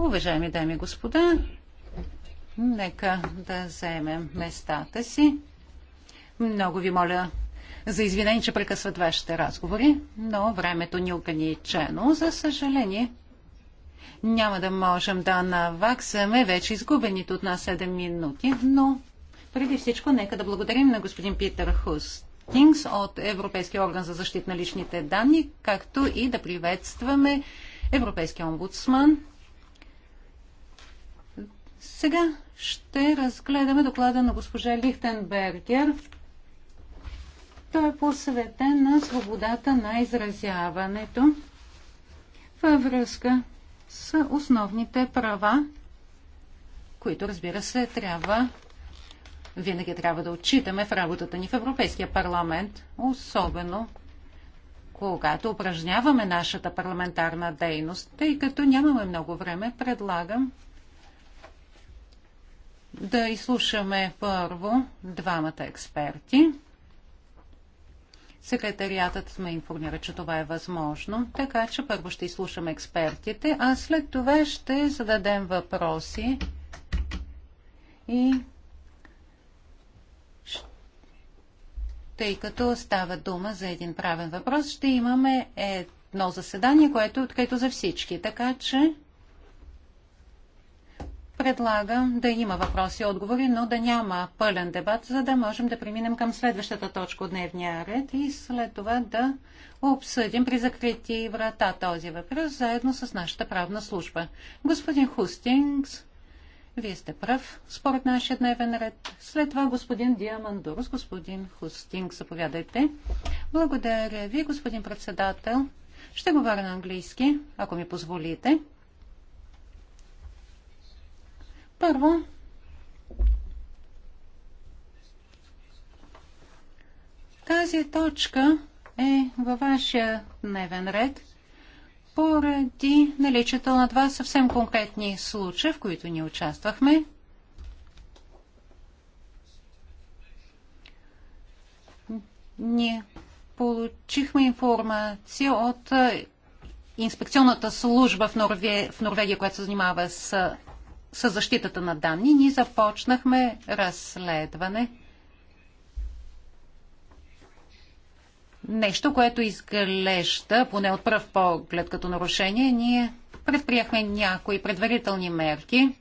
Уважаеми дами и господа, нека да заемем местата си. Много ви моля за извинение, че прекъсват вашите разговори, но времето ни е ограничено. За съжаление, няма да можем да наваксаме вече изгубените от нас 7 минути, но преди всичко нека да благодарим на господин Питър Хуст Хокинс от Европейския орган за защита на личните данни, както и да приветстваме Европейския омбудсман. Сега ще разгледаме доклада на госпожа Лихтенбергер. Той е посветен на свободата на изразяването във връзка с основните права, които, разбира се, трябва винаги трябва да отчитаме в работата ни в Европейския парламент, особено когато упражняваме нашата парламентарна дейност, тъй като нямаме много време, предлагам да изслушаме първо двамата експерти. Секретариатът ме информира, че това е възможно, така че първо ще изслушаме експертите, а след това ще зададем въпроси и тъй като става дума за един правен въпрос, ще имаме едно заседание, което е открито за всички. Така че предлагам да има въпроси и отговори, но да няма пълен дебат, за да можем да преминем към следващата точка от дневния ред и след това да обсъдим при закрити врата този въпрос заедно с нашата правна служба. Господин Хустингс, вие сте прав, според нашия дневен ред. След това господин Диамандурс, господин Хустинг, заповядайте. Благодаря ви, господин председател. Ще говоря на английски, ако ми позволите. Първо, тази точка е във вашия дневен ред – поради наличието на два съвсем конкретни случая, в които ни участвахме. Ние получихме информация от инспекционната служба в Норвегия, в Норвегия която се занимава с, с защитата на данни. Ние започнахме разследване нещо, което изглежда, поне от пръв поглед като нарушение, ние предприехме някои предварителни мерки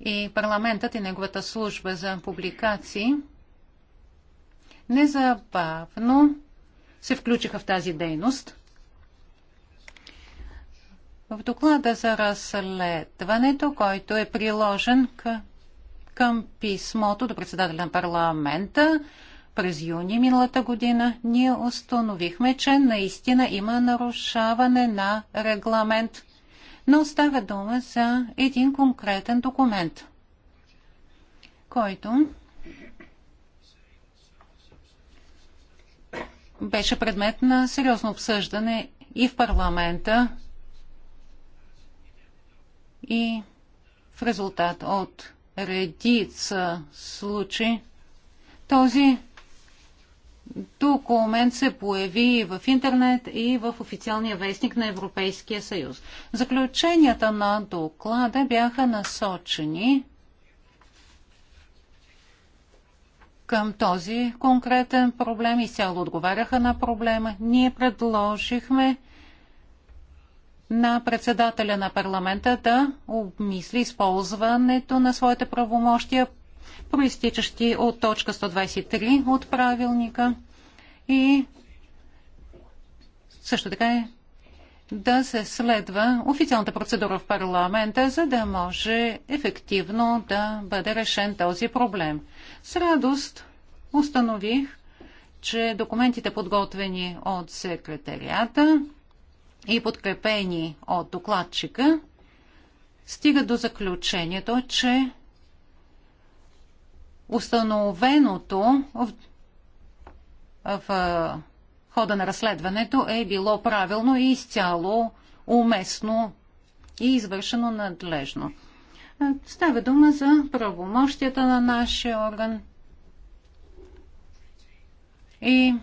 и парламентът и неговата служба за публикации незабавно се включиха в тази дейност. В доклада за разследването, който е приложен към писмото до председателя на парламента, през юни миналата година ние установихме, че наистина има нарушаване на регламент, но става дума за един конкретен документ, който беше предмет на сериозно обсъждане и в парламента, и в резултат от редица случаи този документ се появи и в интернет, и в официалния вестник на Европейския съюз. Заключенията на доклада бяха насочени към този конкретен проблем и цяло отговаряха на проблема. Ние предложихме на председателя на парламента да обмисли използването на своите правомощия проистичащи от точка 123 от правилника и също така е да се следва официалната процедура в парламента, за да може ефективно да бъде решен този проблем. С радост установих, че документите подготвени от секретарията и подкрепени от докладчика стигат до заключението, че установеното в, в, в хода на разследването е било правилно и изцяло уместно и извършено надлежно. Става дума за правомощията на нашия орган и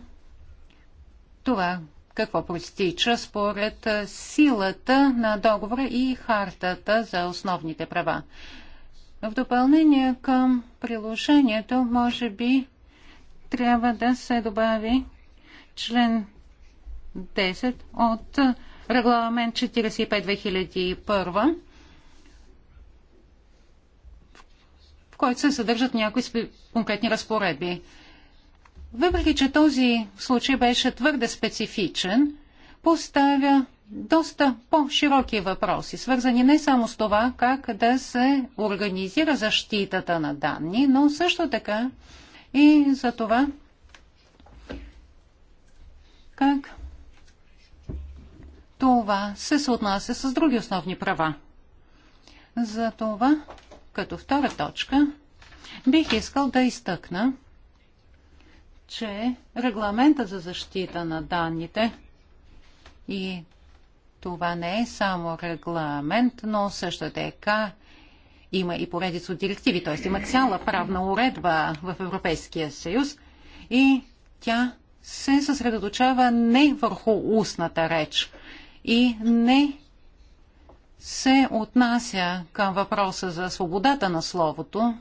това какво простича според силата на договора и хартата за основните права. В допълнение към приложението, може би трябва да се добави член 10 от регламент 45-2001, в който се съдържат някои конкретни разпоредби. Въпреки, че този случай беше твърде специфичен, поставя доста по-широки въпроси, свързани не само с това как да се организира защитата на данни, но също така и за това как това се съотнася с други основни права. За това, като втора точка, бих искал да изтъкна, че регламента за защита на данните и това не е само регламент, но също така има и поредица от директиви, т.е. има цяла правна уредба в Европейския съюз и тя се съсредоточава не върху устната реч и не се отнася към въпроса за свободата на словото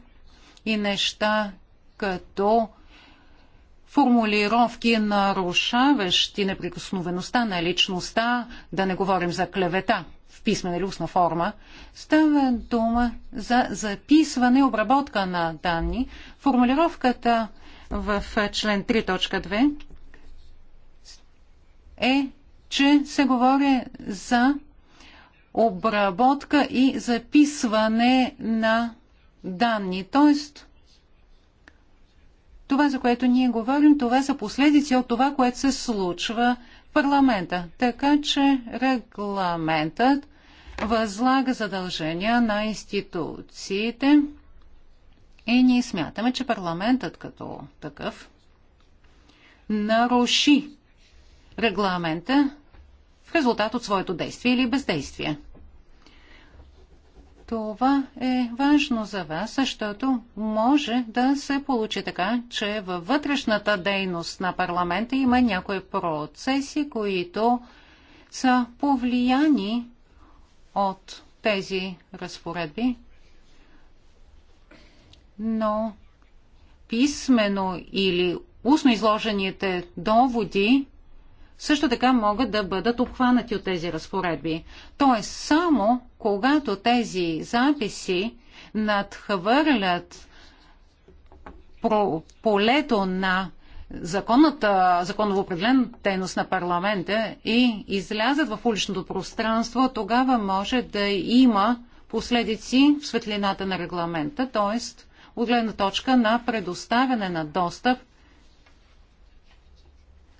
и неща като формулировки, нарушаващи неприкосновеността на личността, да не говорим за клевета в писмена или устна форма, става дума за записване и обработка на данни. Формулировката в член 3.2 е, че се говори за обработка и записване на данни, т.е. Това, за което ние говорим, това са последици от това, което се случва в парламента. Така че регламентът възлага задължения на институциите и ние смятаме, че парламентът като такъв наруши регламента в резултат от своето действие или бездействие. Това е важно за вас, защото може да се получи така, че във вътрешната дейност на парламента има някои процеси, които са повлияни от тези разпоредби, но писмено или устно изложените доводи също така могат да бъдат обхванати от тези разпоредби. Тоест, само когато тези записи надхвърлят полето на законната, законово определен дейност на парламента и излязат в уличното пространство, тогава може да има последици в светлината на регламента, т.е. от гледна точка на предоставяне на достъп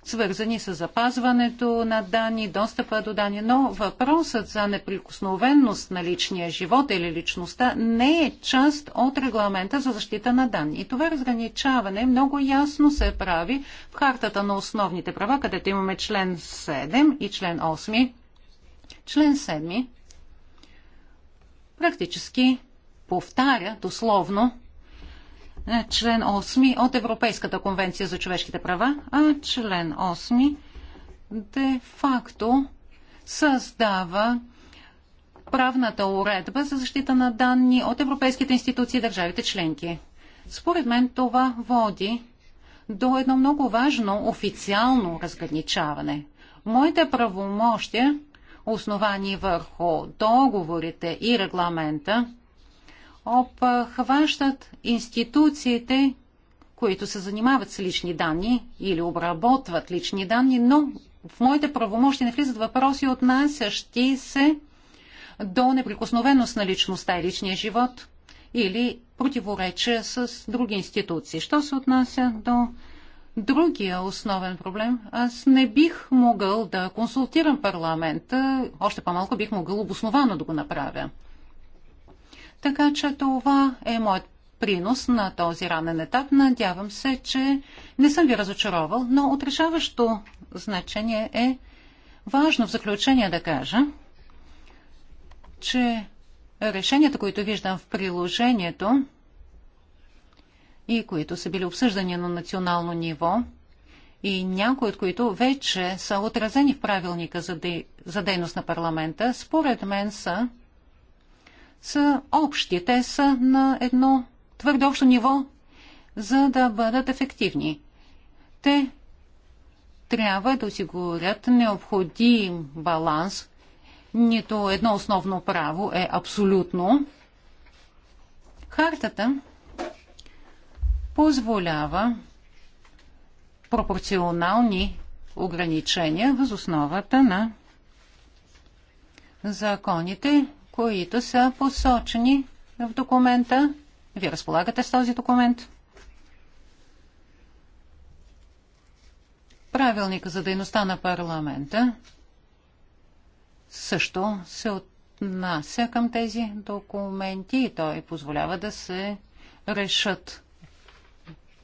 свързани с запазването на данни, достъпа до данни, но въпросът за неприкосновенност на личния живот или личността не е част от регламента за защита на данни. И това разграничаване много ясно се прави в хартата на основните права, където имаме член 7 и член 8. Член 7 практически повтаря дословно е, член 8 от Европейската конвенция за човешките права, а член 8 де-факто създава правната уредба за защита на данни от европейските институции и държавите членки. Според мен това води до едно много важно официално разграничаване. Моите правомощия, основани върху договорите и регламента, обхващат институциите, които се занимават с лични данни или обработват лични данни, но в моите правомощи не влизат въпроси, отнасящи се до неприкосновеност на личността и личния живот или противоречия с други институции. Що се отнася до другия основен проблем, аз не бих могъл да консултирам парламента, още по-малко бих могъл обосновано да го направя. Така че това е моят принос на този ранен етап. Надявам се, че не съм ви разочаровал, но отрешаващо значение е важно в заключение да кажа, че решенията, които виждам в приложението и които са били обсъждани на национално ниво, и някои от които вече са отразени в правилника за, дей... за дейност на парламента, според мен са са общи. Те са на едно твърде общо ниво, за да бъдат ефективни. Те трябва да осигурят необходим баланс. Нито едно основно право е абсолютно. Хартата позволява пропорционални ограничения въз основата на законите които са посочени в документа. Вие разполагате с този документ. Правилник за дейността на парламента също се отнася към тези документи и той позволява да се решат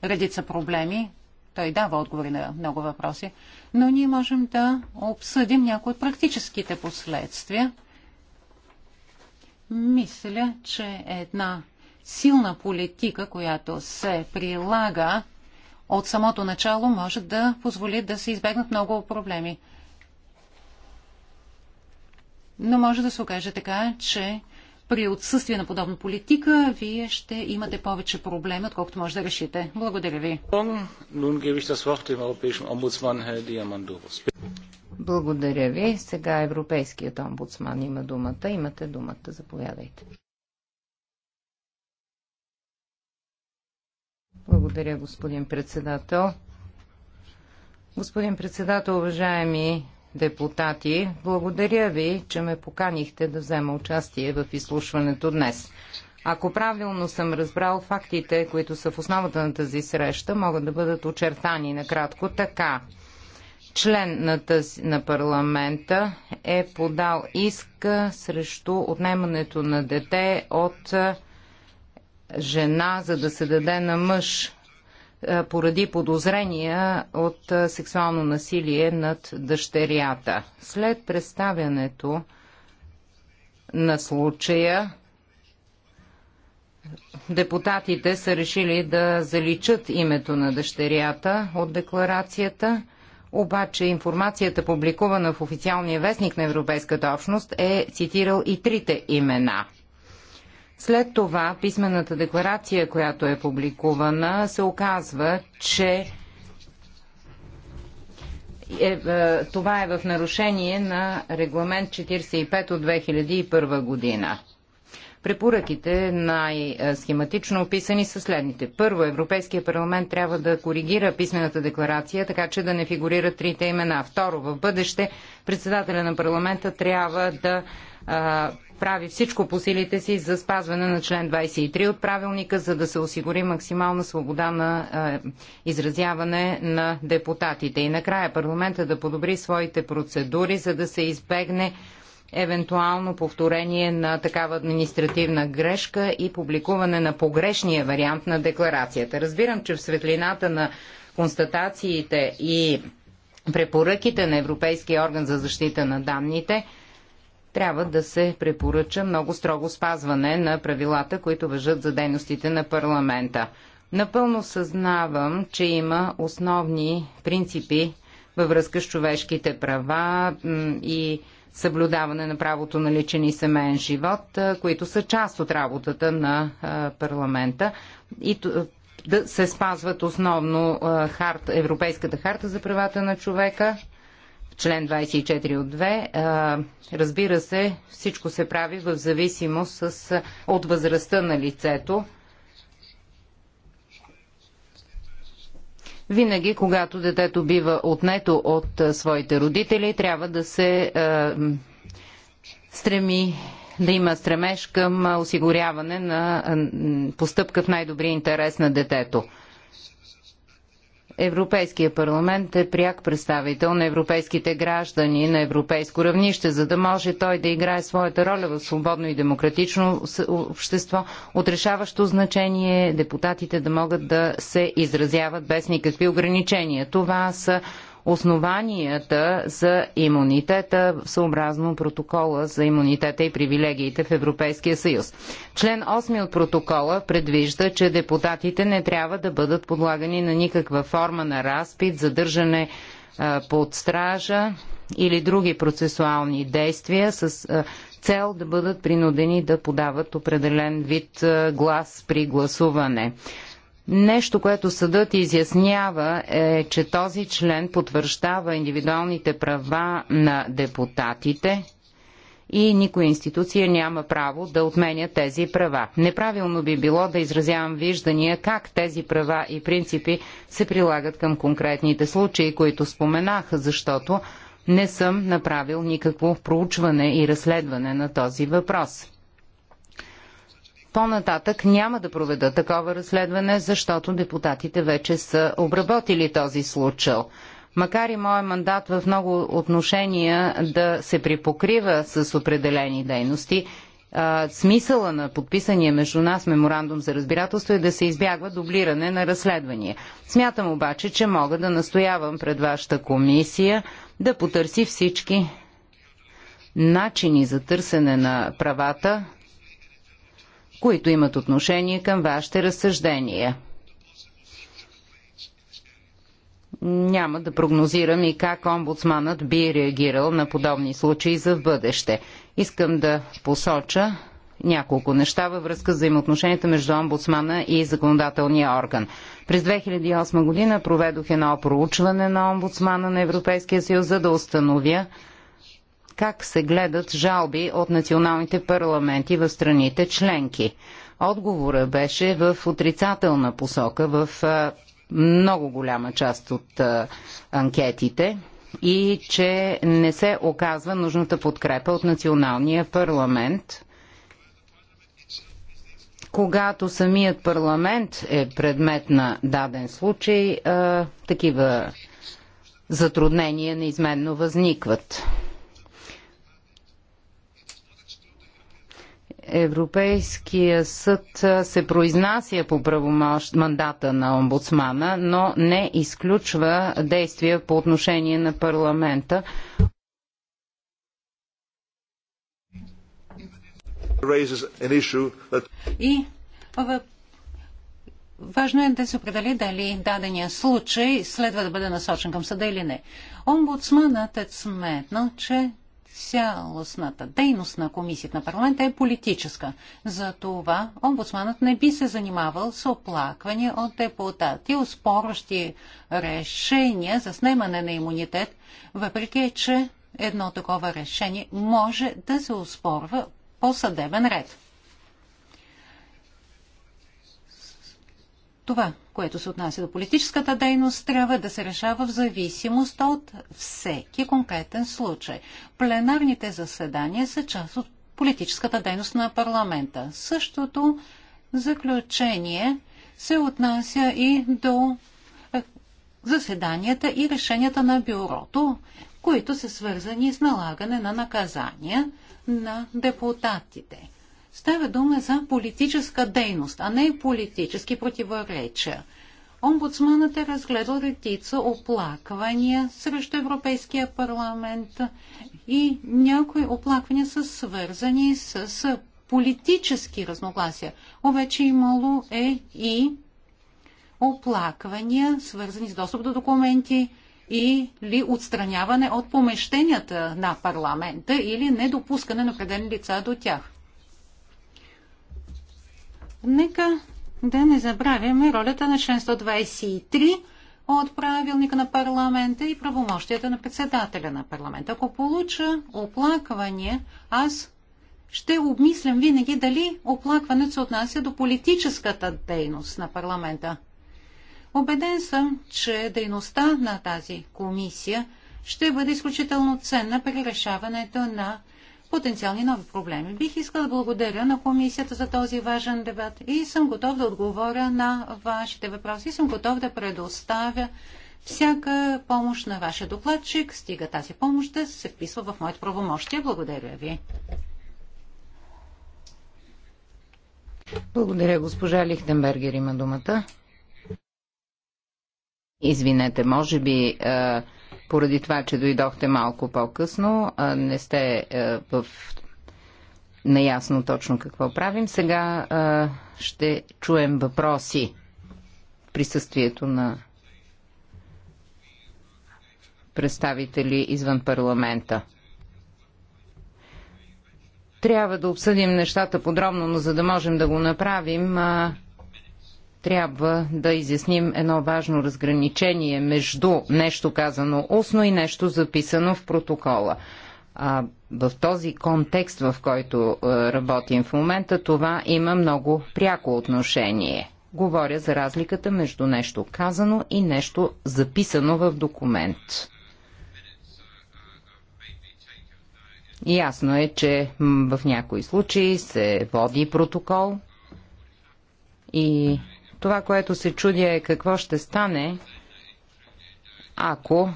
редица проблеми. Той дава отговори на много въпроси, но ние можем да обсъдим някои от практическите последствия – мисля, че една силна политика, която се прилага от самото начало, може да позволи да се избегнат много проблеми. Но може да се окаже така, че при отсъствие на подобна политика, вие ще имате повече проблеми, отколкото може да решите. Благодаря ви. Благодаря ви. Сега Европейският омбудсман има думата. Имате думата. Заповядайте. Благодаря, господин председател. Господин председател, уважаеми депутати, благодаря ви, че ме поканихте да взема участие в изслушването днес. Ако правилно съм разбрал, фактите, които са в основата на тази среща, могат да бъдат очертани накратко така член на, на парламента е подал иск срещу отнемането на дете от жена, за да се даде на мъж поради подозрения от сексуално насилие над дъщерята. След представянето на случая, депутатите са решили да заличат името на дъщерята от декларацията – обаче информацията, публикувана в официалния вестник на Европейската общност, е цитирал и трите имена. След това писмената декларация, която е публикувана, се оказва, че е, е, това е в нарушение на регламент 45 от 2001 година. Препоръките най-схематично описани са следните. Първо, Европейския парламент трябва да коригира писмената декларация, така че да не фигурират трите имена. Второ, в бъдеще председателя на парламента трябва да а, прави всичко по силите си за спазване на член 23 от правилника, за да се осигури максимална свобода на а, изразяване на депутатите. И накрая парламента да подобри своите процедури, за да се избегне евентуално повторение на такава административна грешка и публикуване на погрешния вариант на декларацията. Разбирам, че в светлината на констатациите и препоръките на Европейския орган за защита на данните, трябва да се препоръча много строго спазване на правилата, които въжат за дейностите на парламента. Напълно съзнавам, че има основни принципи във връзка с човешките права и съблюдаване на правото на личен и семейен живот, които са част от работата на парламента. И да се спазват основно харта, Европейската харта за правата на човека, член 24 от 2. Разбира се, всичко се прави в зависимост от възрастта на лицето Винаги, когато детето бива отнето от е, своите родители, трябва да се е, стреми да има стремеж към е, осигуряване на е, постъпка в най-добрия интерес на детето. Европейския парламент е пряк представител на европейските граждани на европейско равнище, за да може той да играе своята роля в свободно и демократично общество. От решаващо значение депутатите да могат да се изразяват без никакви ограничения. Това са основанията за имунитета съобразно протокола за имунитета и привилегиите в Европейския съюз. Член 8 от протокола предвижда, че депутатите не трябва да бъдат подлагани на никаква форма на разпит, задържане под стража или други процесуални действия с цел да бъдат принудени да подават определен вид глас при гласуване. Нещо, което съдът изяснява е, че този член потвърждава индивидуалните права на депутатите и никоя институция няма право да отменя тези права. Неправилно би било да изразявам виждания как тези права и принципи се прилагат към конкретните случаи, които споменах, защото не съм направил никакво проучване и разследване на този въпрос по-нататък няма да проведа такова разследване, защото депутатите вече са обработили този случай. Макар и моят мандат в много отношения да се припокрива с определени дейности, смисъла на подписания между нас меморандум за разбирателство е да се избягва дублиране на разследвания. Смятам обаче, че мога да настоявам пред вашата комисия да потърси всички начини за търсене на правата които имат отношение към вашите разсъждения. Няма да прогнозирам и как омбудсманът би реагирал на подобни случаи за в бъдеще. Искам да посоча няколко неща във връзка с взаимоотношенията между омбудсмана и законодателния орган. През 2008 година проведох едно проучване на омбудсмана на Европейския съюз, за да установя как се гледат жалби от националните парламенти в страните членки. Отговора беше в отрицателна посока в много голяма част от анкетите и че не се оказва нужната подкрепа от националния парламент, когато самият парламент е предмет на даден случай, такива затруднения неизменно възникват. Европейския съд се произнася по правомощ мандата на омбудсмана, но не изключва действия по отношение на парламента. И важно е да се определи дали дадения случай следва да бъде насочен към съда или не. Омбудсманът е сметнал, че цялостната дейност на комисията на парламента е политическа. Затова омбудсманът не би се занимавал с оплаквания от депутати, успорващи решения за снимане на имунитет, въпреки че едно такова решение може да се оспорва по съдебен ред. Това, което се отнася до политическата дейност, трябва да се решава в зависимост от всеки конкретен случай. Пленарните заседания са част от политическата дейност на парламента. Същото заключение се отнася и до е, заседанията и решенията на бюрото, които са свързани с налагане на наказания на депутатите. Става дума за политическа дейност, а не политически противоречия. Омбудсманът е разгледал редица оплаквания срещу Европейския парламент и някои оплаквания са свързани с политически разногласия. Обаче имало е и оплаквания, свързани с достъп до документи или отстраняване от помещенията на парламента или недопускане на определени лица до тях. Нека да не забравяме ролята на член 123 от правилника на парламента и правомощията на председателя на парламента. Ако получа оплакване, аз ще обмислям винаги дали оплакването се отнася до политическата дейност на парламента. Обеден съм, че дейността на тази комисия ще бъде изключително ценна при решаването на потенциални нови проблеми. Бих искал да благодаря на комисията за този важен дебат и съм готов да отговоря на вашите въпроси. И съм готов да предоставя всяка помощ на вашия докладчик, стига тази помощ да се вписва в моите правомощия. Благодаря ви. Благодаря, госпожа Лихтенбергер има думата. Извинете, може би е, поради това, че дойдохте малко по-късно, не сте е, в наясно точно какво правим. Сега а, е, ще чуем въпроси в присъствието на представители извън парламента. Трябва да обсъдим нещата подробно, но за да можем да го направим, а, е, трябва да изясним едно важно разграничение между нещо казано устно и нещо записано в протокола. А, в този контекст, в който е, работим в момента, това има много пряко отношение. Говоря за разликата между нещо казано и нещо записано в документ. Ясно е, че в някои случаи се води протокол и това, което се чудя е какво ще стане, ако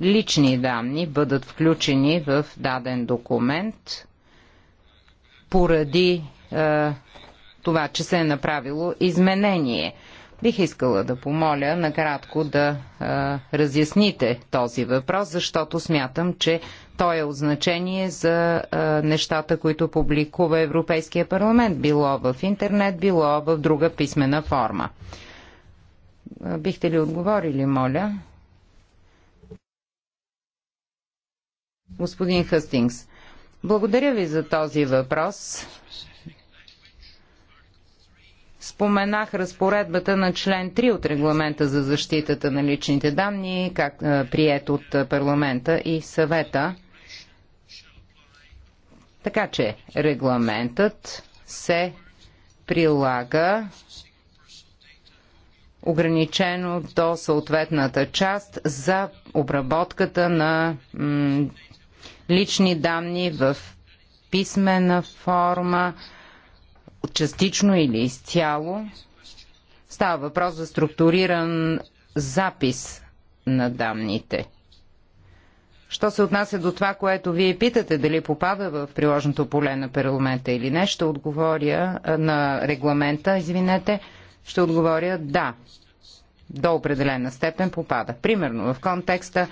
лични данни бъдат включени в даден документ поради е, това, че се е направило изменение – Бих искала да помоля накратко да а, разясните този въпрос, защото смятам, че той е от значение за а, нещата, които публикува Европейския парламент, било в интернет, било в друга писмена форма. А, бихте ли отговорили, моля? Господин Хъстингс, благодаря ви за този въпрос. Споменах разпоредбата на член 3 от регламента за защитата на личните данни, как, е, прият от парламента и съвета. Така че регламентът се прилага ограничено до съответната част за обработката на лични данни в писмена форма частично или изцяло. Става въпрос за структуриран запис на данните. Що се отнася до това, което вие питате, дали попада в приложното поле на парламента или не, ще отговоря на регламента, извинете, ще отговоря да. До определена степен попада. Примерно в контекста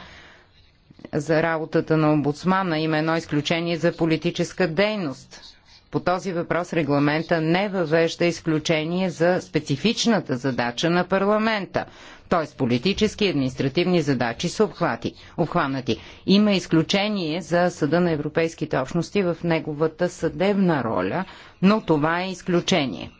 за работата на омбудсмана има едно изключение за политическа дейност. По този въпрос регламента не въвежда изключение за специфичната задача на парламента, т.е. политически и административни задачи са обхвати, обхванати. Има изключение за Съда на Европейските общности в неговата съдебна роля, но това е изключение.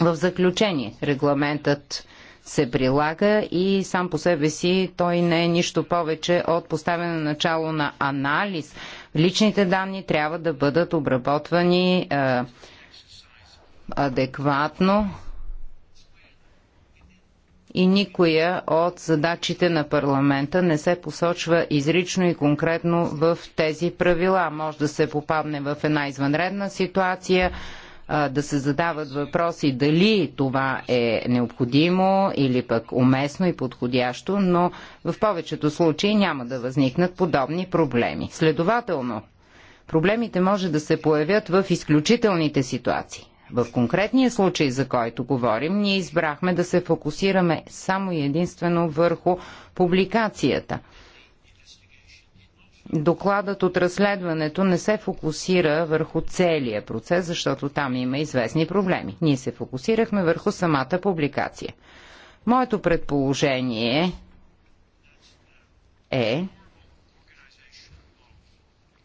В заключение, регламентът се прилага и сам по себе си той не е нищо повече от поставяне на начало на анализ личните данни трябва да бъдат обработвани а, е, адекватно и никоя от задачите на парламента не се посочва изрично и конкретно в тези правила. Може да се попадне в една извънредна ситуация, да се задават въпроси дали това е необходимо или пък уместно и подходящо, но в повечето случаи няма да възникнат подобни проблеми. Следователно, проблемите може да се появят в изключителните ситуации. В конкретния случай, за който говорим, ние избрахме да се фокусираме само и единствено върху публикацията – докладът от разследването не се фокусира върху целия процес, защото там има известни проблеми. Ние се фокусирахме върху самата публикация. Моето предположение е,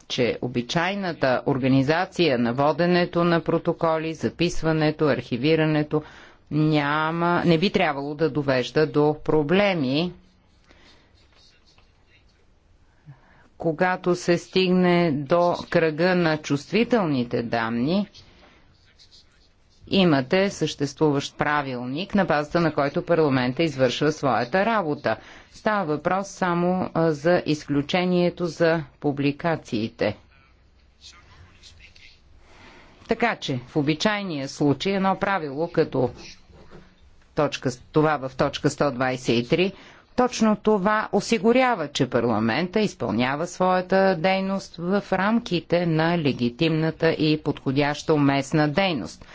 че обичайната организация на воденето на протоколи, записването, архивирането няма, не би трябвало да довежда до проблеми когато се стигне до кръга на чувствителните данни, имате съществуващ правилник, на базата на който парламента извършва своята работа. Става въпрос само за изключението за публикациите. Така че, в обичайния случай, едно правило като точка, това в точка 123 точно това осигурява, че парламента изпълнява своята дейност в рамките на легитимната и подходяща уместна дейност.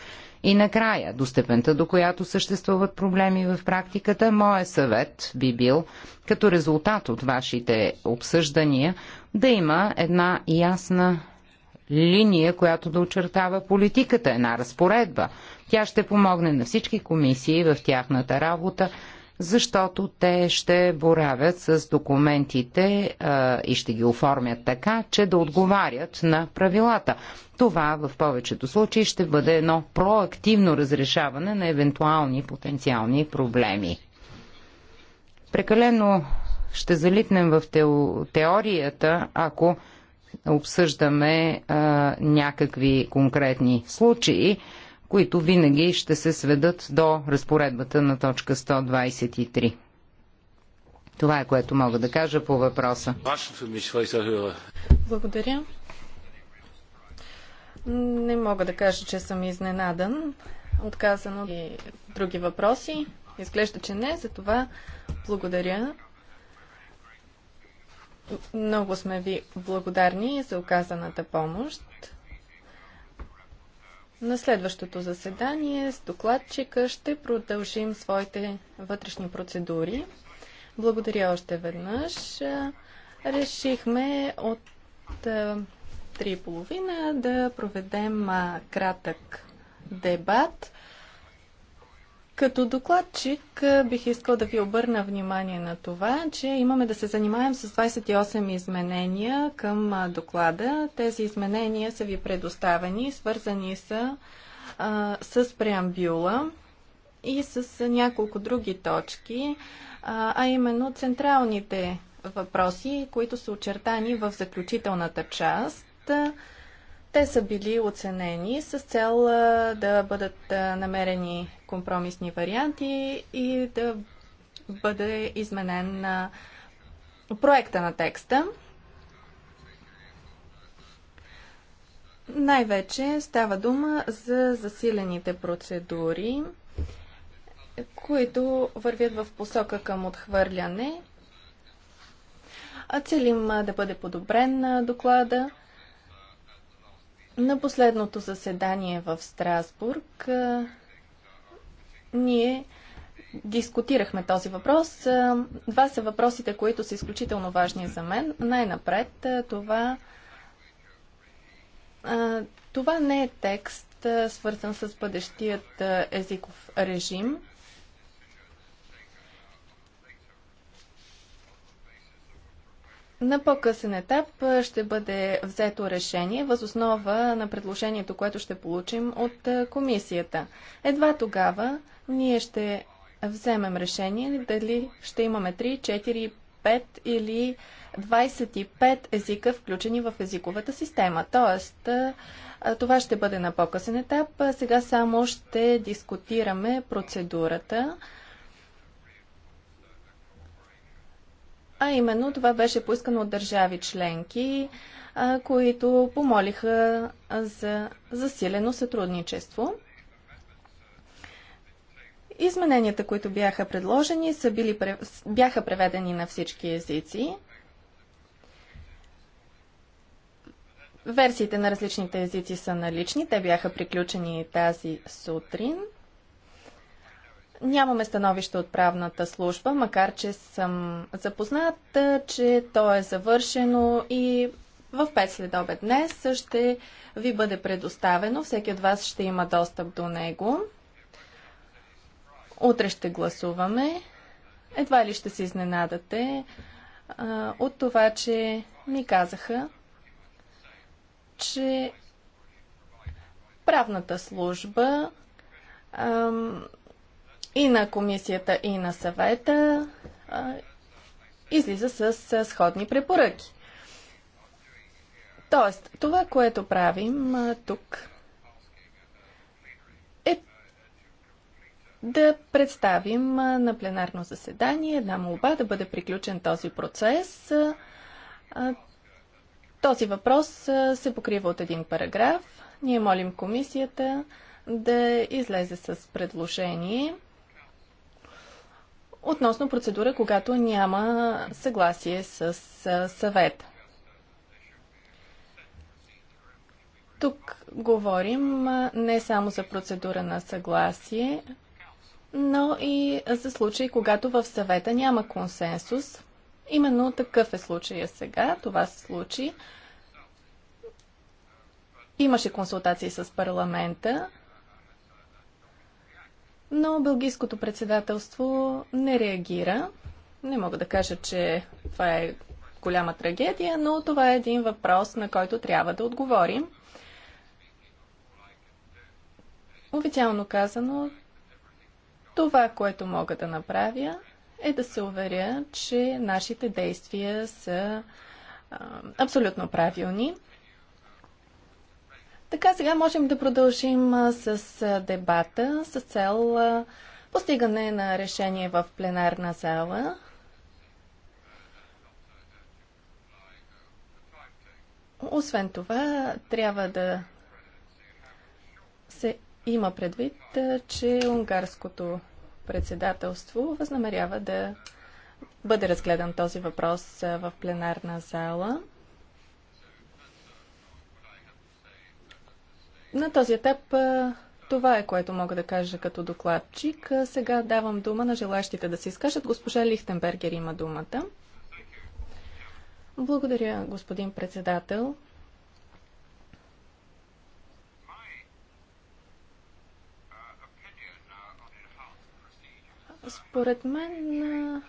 И накрая, до степента до която съществуват проблеми в практиката, моят съвет би бил, като резултат от вашите обсъждания, да има една ясна линия, която да очертава политиката, една разпоредба. Тя ще помогне на всички комисии в тяхната работа защото те ще боравят с документите а, и ще ги оформят така, че да отговарят на правилата. Това в повечето случаи ще бъде едно проактивно разрешаване на евентуални потенциални проблеми. Прекалено ще залитнем в теорията, ако обсъждаме а, някакви конкретни случаи, които винаги ще се сведат до разпоредбата на точка 123. Това е което мога да кажа по въпроса. Благодаря. Не мога да кажа, че съм изненадан. Отказано и други въпроси. Изглежда, че не, За това благодаря. Много сме ви благодарни за оказаната помощ. На следващото заседание с докладчика ще продължим своите вътрешни процедури. Благодаря още веднъж. Решихме от 3.30 е, да проведем кратък дебат като докладчик бих искал да ви обърна внимание на това, че имаме да се занимаем с 28 изменения към доклада. Тези изменения са ви предоставени, свързани са а, с преамбюла и с няколко други точки, а, а именно централните въпроси, които са очертани в заключителната част. Те са били оценени с цел да бъдат намерени компромисни варианти и да бъде изменен на проекта на текста. Най-вече става дума за засилените процедури, които вървят в посока към отхвърляне. Целим да бъде подобрен доклада на последното заседание в Страсбург ние дискутирахме този въпрос. Два са въпросите, които са изключително важни за мен. Най-напред това. Това не е текст, свързан с бъдещият езиков режим. На по-късен етап ще бъде взето решение възоснова на предложението, което ще получим от комисията. Едва тогава ние ще вземем решение дали ще имаме 3, 4, 5 или 25 езика включени в езиковата система. Тоест, това ще бъде на по-късен етап. Сега само ще дискутираме процедурата А именно това беше поискано от държави членки, които помолиха за засилено сътрудничество. Измененията, които бяха предложени, са били, бяха преведени на всички езици. Версиите на различните езици са налични. Те бяха приключени тази сутрин. Нямаме становище от правната служба, макар че съм запозната, че то е завършено и в 5 след обед днес ще ви бъде предоставено. Всеки от вас ще има достъп до него. Утре ще гласуваме. Едва ли ще се изненадате а, от това, че ми казаха, че правната служба и на комисията, и на съвета излиза с сходни препоръки. Тоест, това, което правим тук, е да представим на пленарно заседание една молба да бъде приключен този процес. Този въпрос се покрива от един параграф. Ние молим комисията да излезе с предложение – относно процедура, когато няма съгласие с съвет. Тук говорим не само за процедура на съгласие, но и за случаи, когато в съвета няма консенсус. Именно такъв е случая сега. Това се случи. Имаше консултации с парламента но бългийското председателство не реагира. Не мога да кажа, че това е голяма трагедия, но това е един въпрос, на който трябва да отговорим. Официално казано, това, което мога да направя, е да се уверя, че нашите действия са а, абсолютно правилни. Така сега можем да продължим с дебата с цел постигане на решение в пленарна зала. Освен това, трябва да се има предвид, че унгарското председателство възнамерява да бъде разгледан този въпрос в пленарна зала. На този етап това е което мога да кажа като докладчик. Сега давам дума на желащите да се изкажат. Госпожа Лихтенбергер има думата. Благодаря, господин председател. Според мен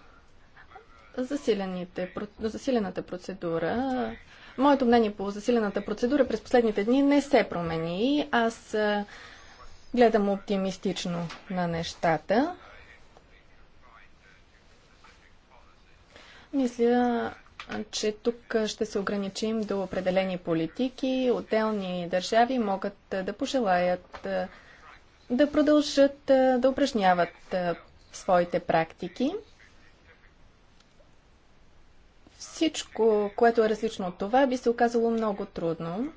засилената процедура Моето мнение по засилената процедура през последните дни не се промени. Аз гледам оптимистично на нещата. Мисля, че тук ще се ограничим до определени политики. Отделни държави могат да пожелаят да продължат да упражняват своите практики. Всичко, което е различно от това, би се оказало много трудно.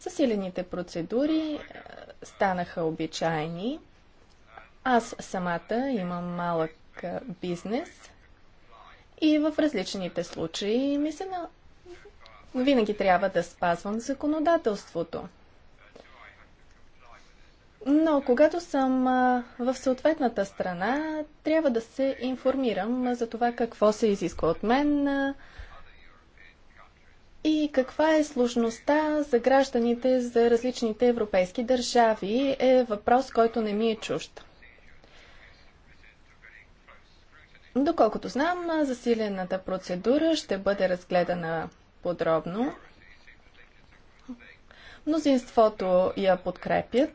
Засилените процедури е, станаха обичайни. Аз самата имам малък е, бизнес и в различните случаи ми се винаги трябва да спазвам законодателството. Но когато съм в съответната страна, трябва да се информирам за това какво се изисква от мен и каква е сложността за гражданите за различните европейски държави е въпрос, който не ми е чужд. Доколкото знам, засилената процедура ще бъде разгледана подробно. Мнозинството я подкрепят.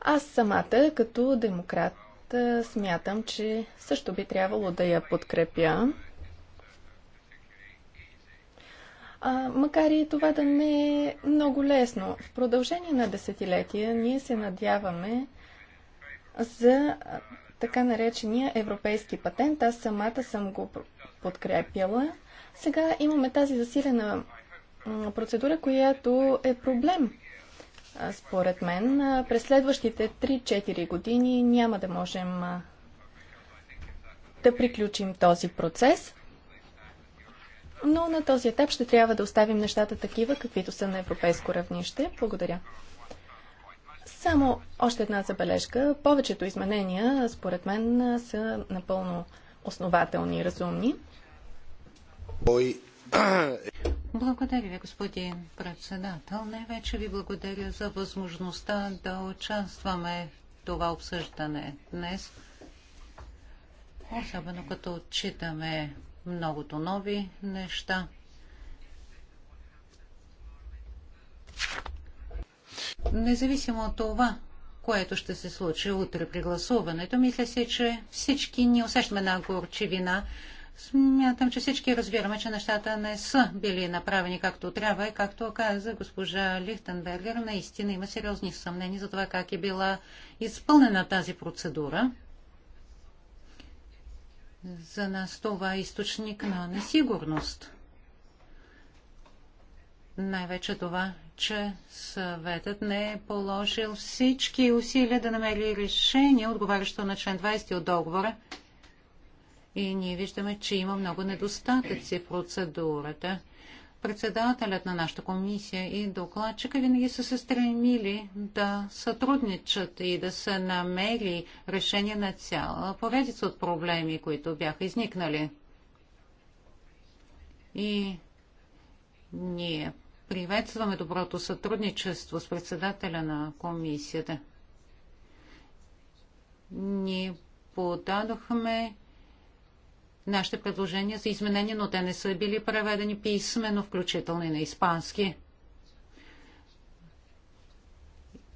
Аз самата, като демократ, смятам, че също би трябвало да я подкрепя. А, макар и това да не е много лесно. В продължение на десетилетия ние се надяваме за така наречения европейски патент. Аз самата съм го подкрепяла. Сега имаме тази засилена процедура, която е проблем според мен. През следващите 3-4 години няма да можем да приключим този процес, но на този етап ще трябва да оставим нещата такива, каквито са на европейско равнище. Благодаря. Само още една забележка. Повечето изменения, според мен, са напълно основателни и разумни. Благодаря ви, господин председател. Най-вече ви благодаря за възможността да участваме в това обсъждане днес. Особено като отчитаме многото нови неща. Независимо от това, което ще се случи утре при гласуването, мисля се, че всички ни усещаме една горчивина Смятам, че всички разбираме, че нещата не са били направени както трябва и както каза госпожа Лихтенбергер, наистина има сериозни съмнения за това как е била изпълнена тази процедура. За нас това е източник на несигурност. Най-вече това, че съветът не е положил всички усилия да намери решение, отговарящо на член 20 от договора, и ние виждаме, че има много недостатъци в процедурата. Председателят на нашата комисия и докладчика винаги са се стремили да сътрудничат и да се намери решение на цяла поредица от проблеми, които бяха изникнали. И ние приветстваме доброто сътрудничество с председателя на комисията. Ние подадохме нашите предложения за изменения, но те не са били преведени писменно, включително и на испански.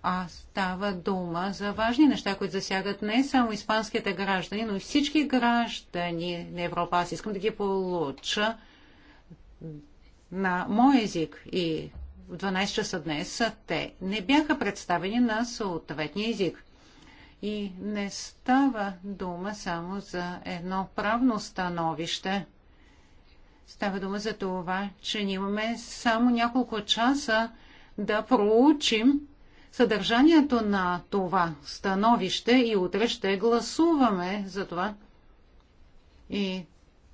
А става дума за важни неща, които засягат не само испанските граждани, но и всички граждани на Европа. Аз искам да ги получа на мой език и в 12 часа днес те не бяха представени на съответния език. И не става дума само за едно правно становище. Става дума за това, че ние имаме само няколко часа да проучим съдържанието на това становище и утре ще гласуваме за това. И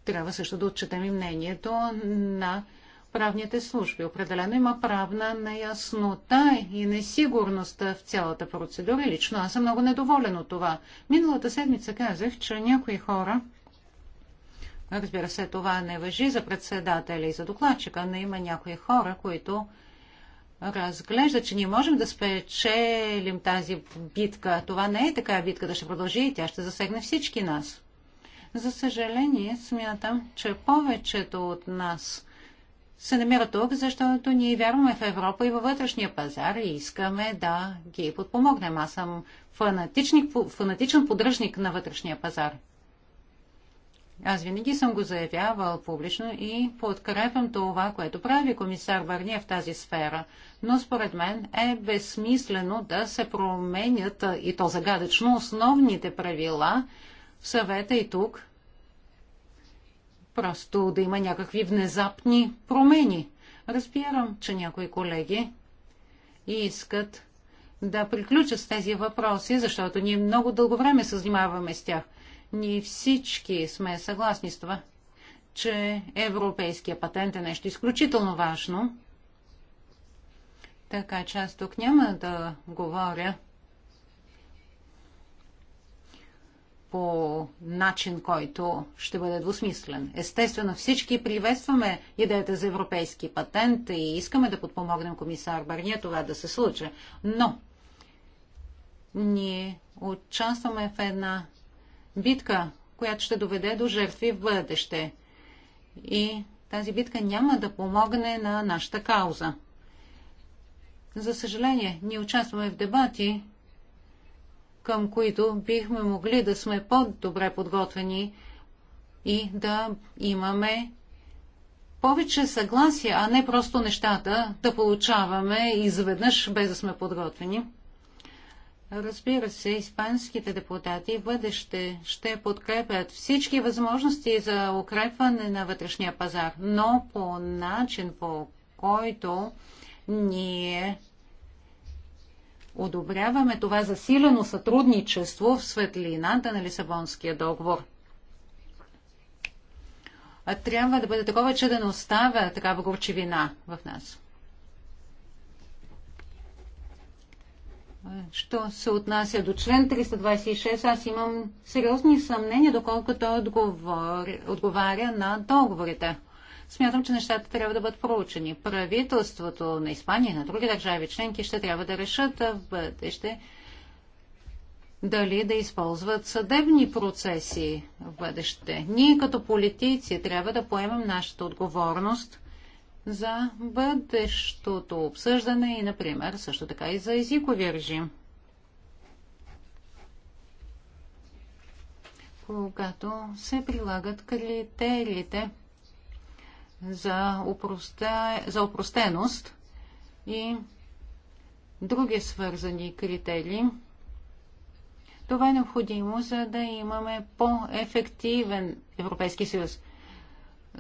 трябва също да отчетем и мнението на правните служби. Определено има правна неяснота и несигурност в цялата процедура. И лично аз съм много недоволен от това. Миналата седмица казах, че някои хора, разбира се, това не въжи за председателя и за докладчика, но има някои хора, които разглежда, че ние можем да спечелим тази битка. Това не е така битка да ще продължи и тя ще засегне всички нас. За съжаление, смятам, че повечето от нас се намират тук, защото ние вярваме в Европа и във вътрешния пазар и искаме да ги подпомогнем. Аз съм фанатичен поддръжник на вътрешния пазар. Аз винаги съм го заявявал публично и подкрепям това, което прави комисар Барния в тази сфера. Но според мен е безсмислено да се променят и то загадъчно основните правила в съвета и тук просто да има някакви внезапни промени. Разбирам, че някои колеги искат да приключат с тези въпроси, защото ние много дълго време се занимаваме с тях. Ние всички сме съгласни с това, че европейския патент е нещо изключително важно. Така че аз тук няма да говоря по начин, който ще бъде двусмислен. Естествено, всички приветстваме идеята за европейски патент и искаме да подпомогнем комисар Барния това да се случи. Но ние участваме в една битка, която ще доведе до жертви в бъдеще. И тази битка няма да помогне на нашата кауза. За съжаление, ние участваме в дебати, към които бихме могли да сме по-добре подготвени и да имаме повече съгласие, а не просто нещата да получаваме изведнъж, без да сме подготвени. Разбира се, испанските депутати в бъдеще ще подкрепят всички възможности за укрепване на вътрешния пазар, но по начин, по който ние одобряваме това засилено сътрудничество в светлината на Лисабонския договор. А трябва да бъде такова, че да не оставя такава горчевина в нас. Що се отнася до член 326, аз имам сериозни съмнения, доколкото той отговаря на договорите смятам, че нещата трябва да бъдат проучени. Правителството на Испания и на други държави членки ще трябва да решат в бъдеще дали да използват съдебни процеси в бъдеще. Ние като политици трябва да поемем нашата отговорност за бъдещото обсъждане и, например, също така и за езиковия режим. Когато се прилагат критериите, за, упросте, за упростеност и други свързани критерии. Това е необходимо, за да имаме по-ефективен Европейски съюз.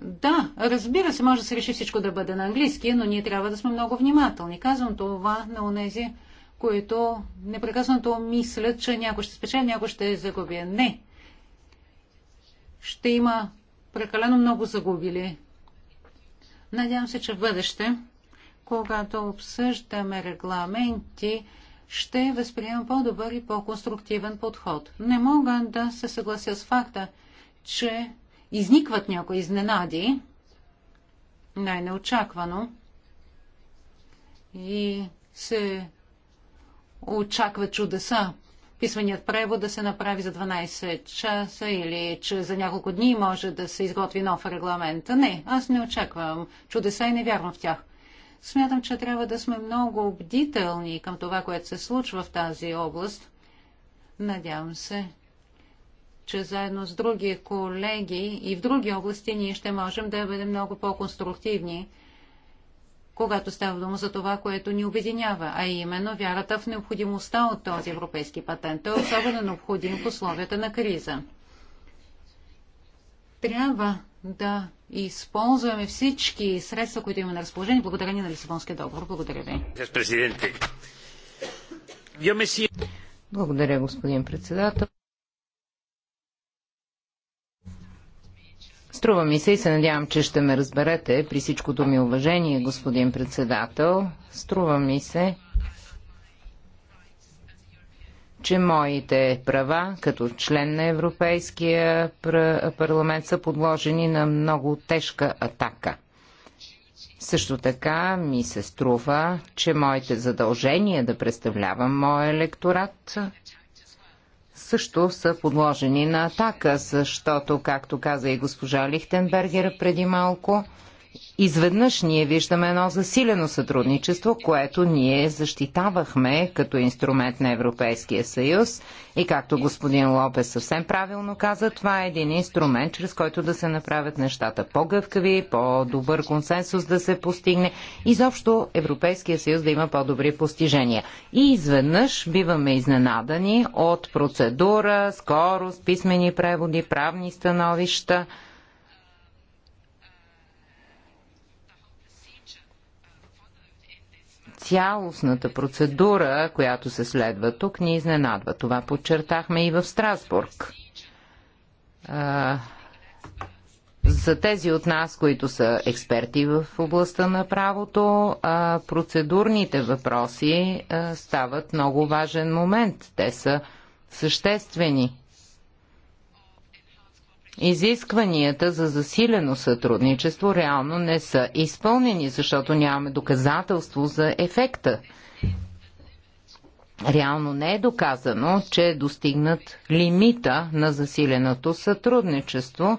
Да, разбира се, може да се реши всичко да бъде на английски, но ние трябва да сме много внимателни. Казвам това на онези, които непрекъснато мислят, че някой ще спечели, някой ще загуби. Не. Ще има прекалено много загубили. Надявам се, че в бъдеще, когато обсъждаме регламенти, ще възприема по-добър и по-конструктивен подход. Не мога да се съглася с факта, че изникват някои изненади, най-неочаквано, и се очаква чудеса писменият превод да се направи за 12 часа или че за няколко дни може да се изготви нов регламент. Не, аз не очаквам чудеса и не вярвам в тях. Смятам, че трябва да сме много бдителни към това, което се случва в тази област. Надявам се, че заедно с други колеги и в други области ние ще можем да бъдем много по-конструктивни когато става дума за това, което ни обединява, а именно вярата в необходимостта от този европейски патент. Той е особено необходим в условията на криза. Трябва да използваме всички средства, които имаме на разположение, благодарение на Лисабонския договор. Благодаря ви. Благодаря, господин председател. Струва ми се и се надявам, че ще ме разберете при всичкото ми уважение, господин председател. Струва ми се, че моите права като член на Европейския парламент са подложени на много тежка атака. Също така ми се струва, че моите задължения да представлявам моя електорат също са подложени на атака, защото, както каза и госпожа Лихтенбергер преди малко, изведнъж ние виждаме едно засилено сътрудничество, което ние защитавахме като инструмент на Европейския съюз. И както господин Лопес съвсем правилно каза, това е един инструмент, чрез който да се направят нещата по-гъвкави, по-добър консенсус да се постигне, изобщо Европейския съюз да има по-добри постижения. И изведнъж биваме изненадани от процедура, скорост, писмени преводи, правни становища – цялостната процедура, която се следва тук, ни изненадва. Това подчертахме и в Страсбург. А, за тези от нас, които са експерти в областта на правото, а, процедурните въпроси а, стават много важен момент. Те са съществени изискванията за засилено сътрудничество реално не са изпълнени, защото нямаме доказателство за ефекта. Реално не е доказано, че е достигнат лимита на засиленото сътрудничество,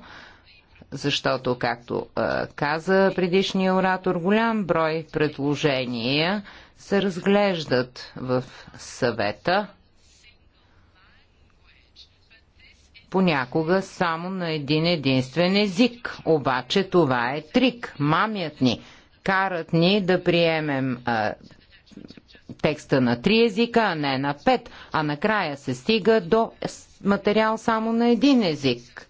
защото, както каза предишния оратор, голям брой предложения се разглеждат в съвета – понякога само на един единствен език. Обаче това е трик. Мамят ни. Карат ни да приемем а, текста на три езика, а не на пет, а накрая се стига до материал само на един език.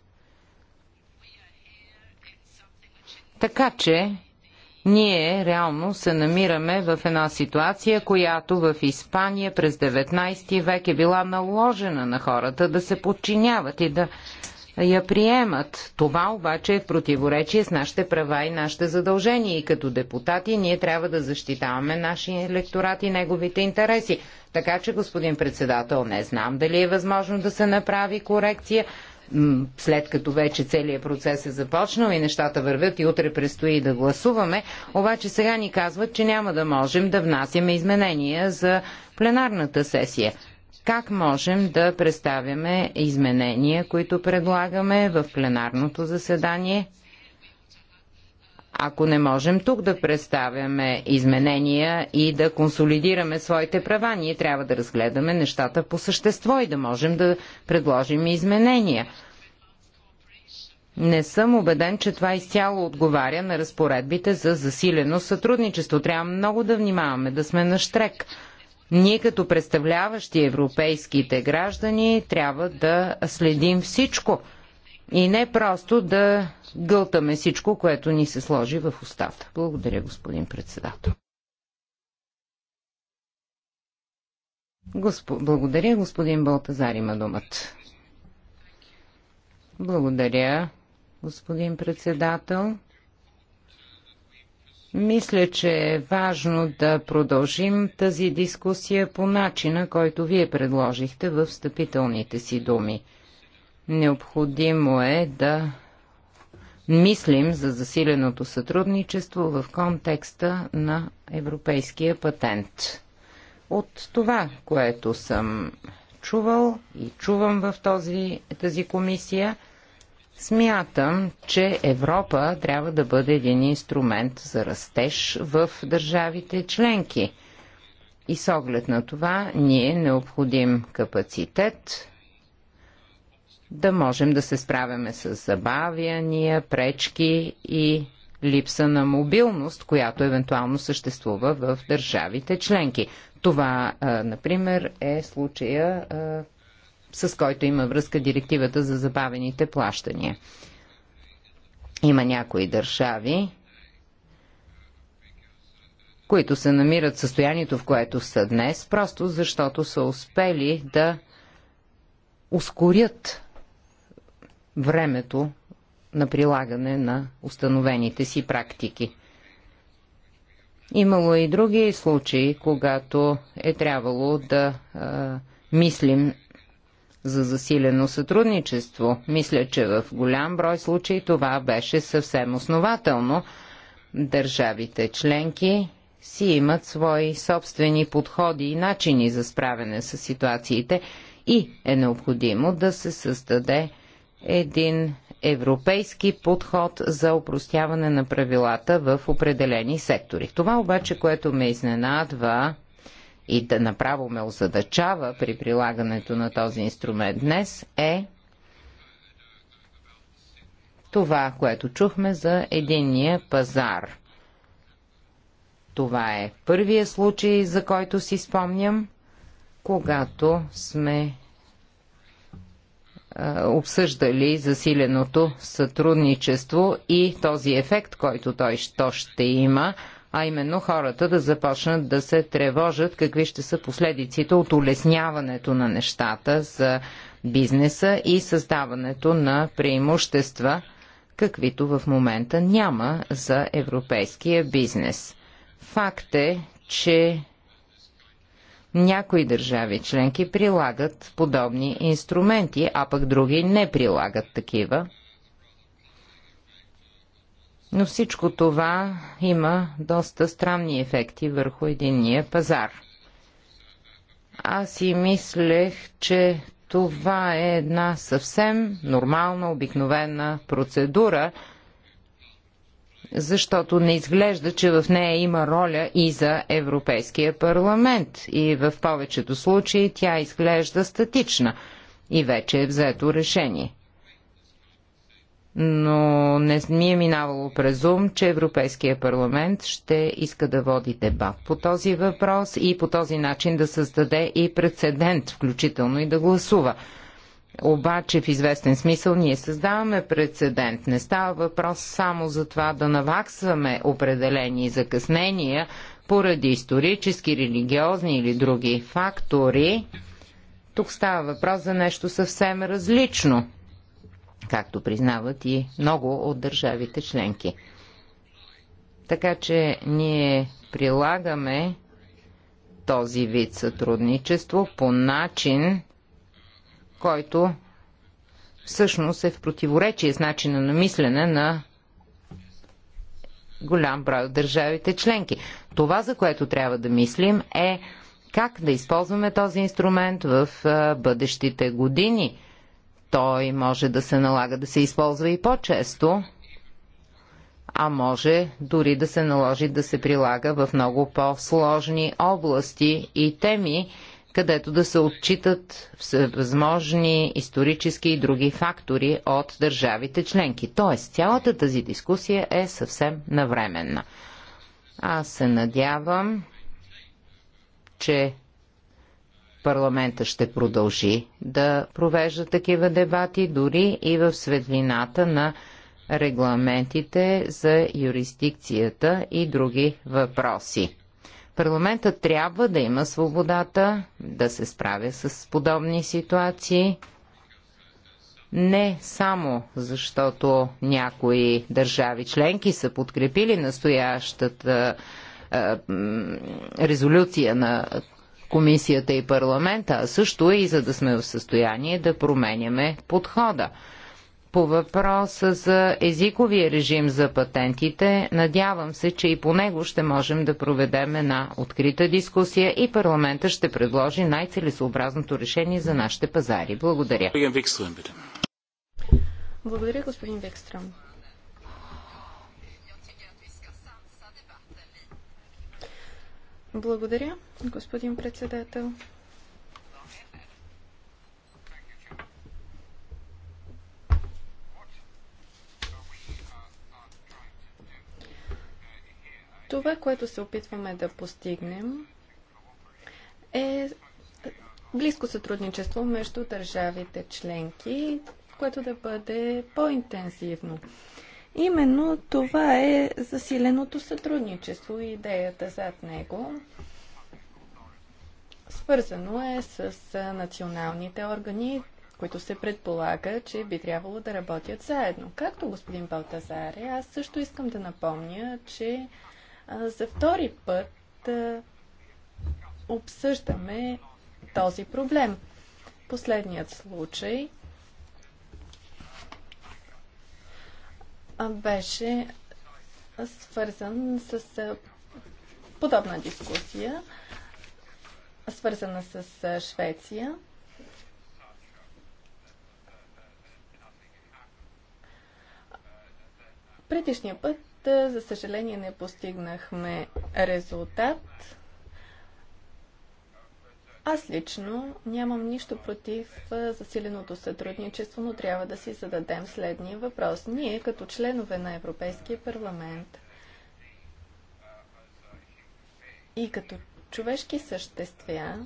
Така че ние реално се намираме в една ситуация, която в Испания през 19 век е била наложена на хората да се подчиняват и да я приемат. Това обаче е в противоречие с нашите права и нашите задължения. И като депутати ние трябва да защитаваме нашия електорат и неговите интереси. Така че, господин председател, не знам дали е възможно да се направи корекция, след като вече целият процес е започнал и нещата вървят и утре предстои да гласуваме. Обаче сега ни казват, че няма да можем да внасяме изменения за пленарната сесия как можем да представяме изменения, които предлагаме в пленарното заседание ако не можем тук да представяме изменения и да консолидираме своите права. Ние трябва да разгледаме нещата по същество и да можем да предложим изменения. Не съм убеден, че това изцяло отговаря на разпоредбите за засилено сътрудничество. Трябва много да внимаваме, да сме на штрек. Ние като представляващи европейските граждани трябва да следим всичко – и не просто да гълтаме всичко, което ни се сложи в устата. Благодаря, господин председател. Госп... Благодаря, господин Балтазар има думата. Благодаря, господин председател. Мисля, че е важно да продължим тази дискусия по начина, който вие предложихте в встъпителните си думи. Необходимо е да мислим за засиленото сътрудничество в контекста на европейския патент. От това, което съм чувал и чувам в този, тази комисия, смятам, че Европа трябва да бъде един инструмент за растеж в държавите членки. И с оглед на това ние необходим капацитет, да можем да се справяме с забавяния, пречки и липса на мобилност, която евентуално съществува в държавите членки. Това, например, е случая, с който има връзка директивата за забавените плащания. Има някои държави, които се намират в състоянието, в което са днес, просто защото са успели да ускорят времето на прилагане на установените си практики. Имало и други случаи, когато е трябвало да а, мислим за засилено сътрудничество. Мисля, че в голям брой случаи това беше съвсем основателно. Държавите членки си имат свои собствени подходи и начини за справяне с ситуациите и е необходимо да се създаде един европейски подход за упростяване на правилата в определени сектори. Това обаче, което ме изненадва и да направо ме озадачава при прилагането на този инструмент днес е това, което чухме за единния пазар. Това е първия случай, за който си спомням, когато сме е, обсъждали засиленото сътрудничество и този ефект, който той то ще има, а именно хората да започнат да се тревожат какви ще са последиците от улесняването на нещата за бизнеса и създаването на преимущества, каквито в момента няма за европейския бизнес. Факт е, че някои държави членки прилагат подобни инструменти, а пък други не прилагат такива. Но всичко това има доста странни ефекти върху единния пазар. Аз и мислех, че това е една съвсем нормална, обикновена процедура – защото не изглежда, че в нея има роля и за Европейския парламент. И в повечето случаи тя изглежда статична и вече е взето решение. Но не ми е минавало през ум, че Европейския парламент ще иска да води дебат по този въпрос и по този начин да създаде и прецедент, включително и да гласува. Обаче в известен смисъл ние създаваме прецедент. Не става въпрос само за това да наваксваме определени закъснения поради исторически, религиозни или други фактори. Тук става въпрос за нещо съвсем различно, както признават и много от държавите членки. Така че ние прилагаме този вид сътрудничество по начин, който всъщност е в противоречие с начина на мислене на голям брой от държавите членки. Това, за което трябва да мислим е как да използваме този инструмент в бъдещите години. Той може да се налага да се използва и по-често, а може дори да се наложи да се прилага в много по-сложни области и теми, където да се отчитат всевъзможни исторически и други фактори от държавите членки. Тоест, цялата тази дискусия е съвсем навременна. Аз се надявам, че парламента ще продължи да провежда такива дебати, дори и в светлината на регламентите за юрисдикцията и други въпроси. Парламента трябва да има свободата да се справя с подобни ситуации, не само защото някои държави членки са подкрепили настоящата е, резолюция на комисията и парламента, а също и за да сме в състояние да променяме подхода. По въпроса за езиковия режим за патентите, надявам се, че и по него ще можем да проведем една открита дискусия и парламента ще предложи най-целесообразното решение за нашите пазари. Благодаря. Благодаря, господин Бекстрам. Благодаря, господин председател. Това, което се опитваме да постигнем е близко сътрудничество между държавите членки, което да бъде по-интензивно. Именно това е засиленото сътрудничество и идеята зад него. Свързано е с националните органи, които се предполага, че би трябвало да работят заедно. Както господин Балтазаре, аз също искам да напомня, че за втори път обсъждаме този проблем. Последният случай беше свързан с подобна дискусия, свързана с Швеция. Предишния път среща. За съжаление не постигнахме резултат. Аз лично нямам нищо против засиленото сътрудничество, но трябва да си зададем следния въпрос. Ние, като членове на Европейския парламент и като човешки същества,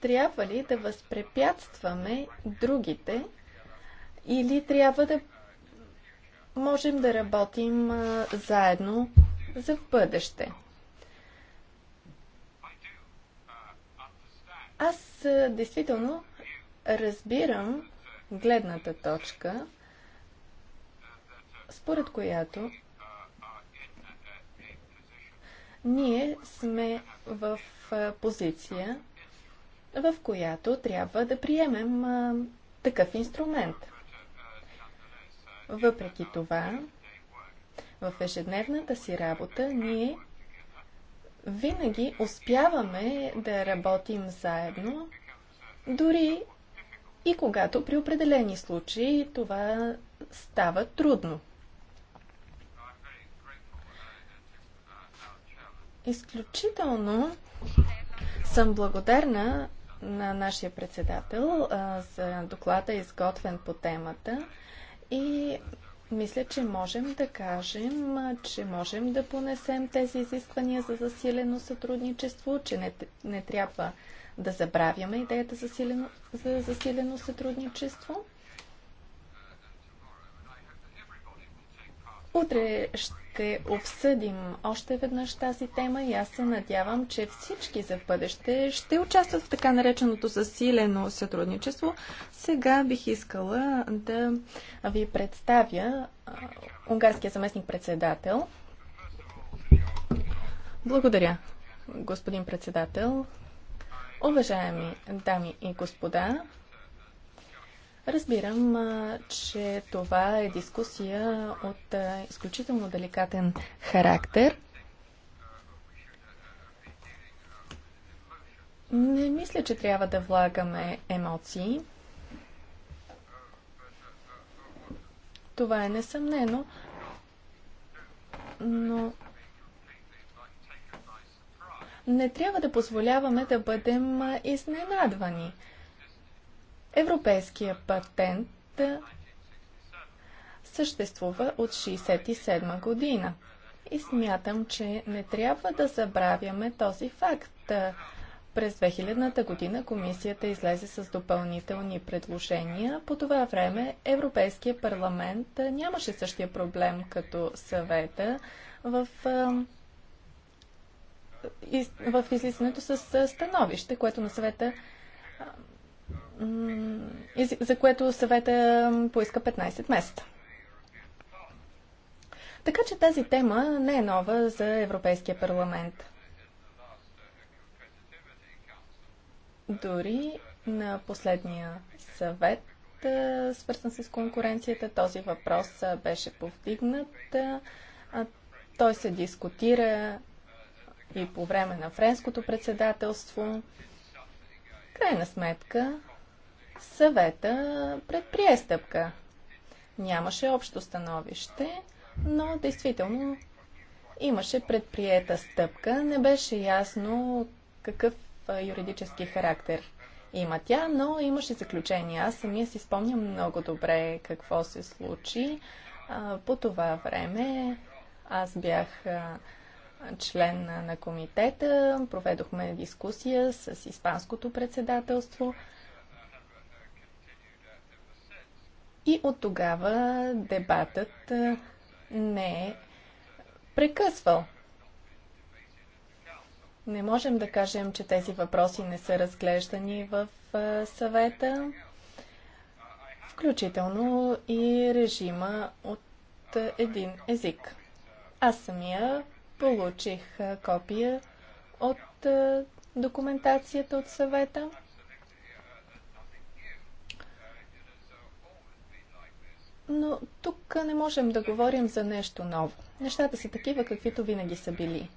трябва ли да възпрепятстваме другите или трябва да можем да работим заедно за бъдеще. Аз действително разбирам гледната точка, според която ние сме в позиция, в която трябва да приемем такъв инструмент – въпреки това, в ежедневната си работа ние винаги успяваме да работим заедно, дори и когато при определени случаи това става трудно. Изключително съм благодарна на нашия председател а, за доклада, изготвен по темата. И мисля, че можем да кажем, че можем да понесем тези изисквания за засилено сътрудничество, че не, не трябва да забравяме идеята за засилено, за засилено сътрудничество. Утре ще обсъдим още веднъж тази тема и аз се надявам, че всички за бъдеще ще участват в така нареченото засилено сътрудничество. Сега бих искала да ви представя унгарския заместник-председател. Благодаря, господин председател. Уважаеми дами и господа, Разбирам, че това е дискусия от изключително деликатен характер. Не мисля, че трябва да влагаме емоции. Това е несъмнено, но не трябва да позволяваме да бъдем изненадвани. Европейския патент съществува от 1967 година. И смятам, че не трябва да забравяме този факт. През 2000-та година комисията излезе с допълнителни предложения. По това време Европейския парламент нямаше същия проблем като съвета в, в излизането с становище, което на съвета за което съвета поиска 15 месеца. Така че тази тема не е нова за Европейския парламент. Дори на последния съвет, свързан с конкуренцията, този въпрос беше повдигнат. Той се дискутира и по време на френското председателство. Крайна сметка, съвета предприе стъпка. Нямаше общо становище, но действително имаше предприета стъпка. Не беше ясно какъв юридически характер има тя, но имаше заключение. Аз самия си спомням много добре какво се случи. По това време аз бях член на комитета, проведохме дискусия с Испанското председателство – И от тогава дебатът не е прекъсвал. Не можем да кажем, че тези въпроси не са разглеждани в съвета, включително и режима от един език. Аз самия получих копия от документацията от съвета. Но тук не можем да говорим за нещо ново. Нещата си такива, каквито винаги са били.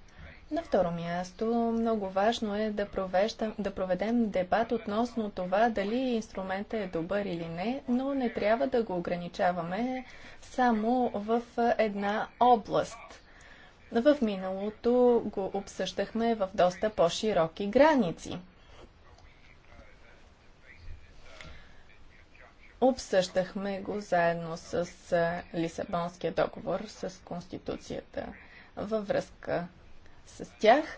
На второ място, много важно е да, провеждам, да проведем дебат относно това дали инструментът е добър или не, но не трябва да го ограничаваме само в една област. В миналото го обсъждахме в доста по-широки граници. Обсъждахме го заедно с Лисабонския договор, с Конституцията във връзка с тях.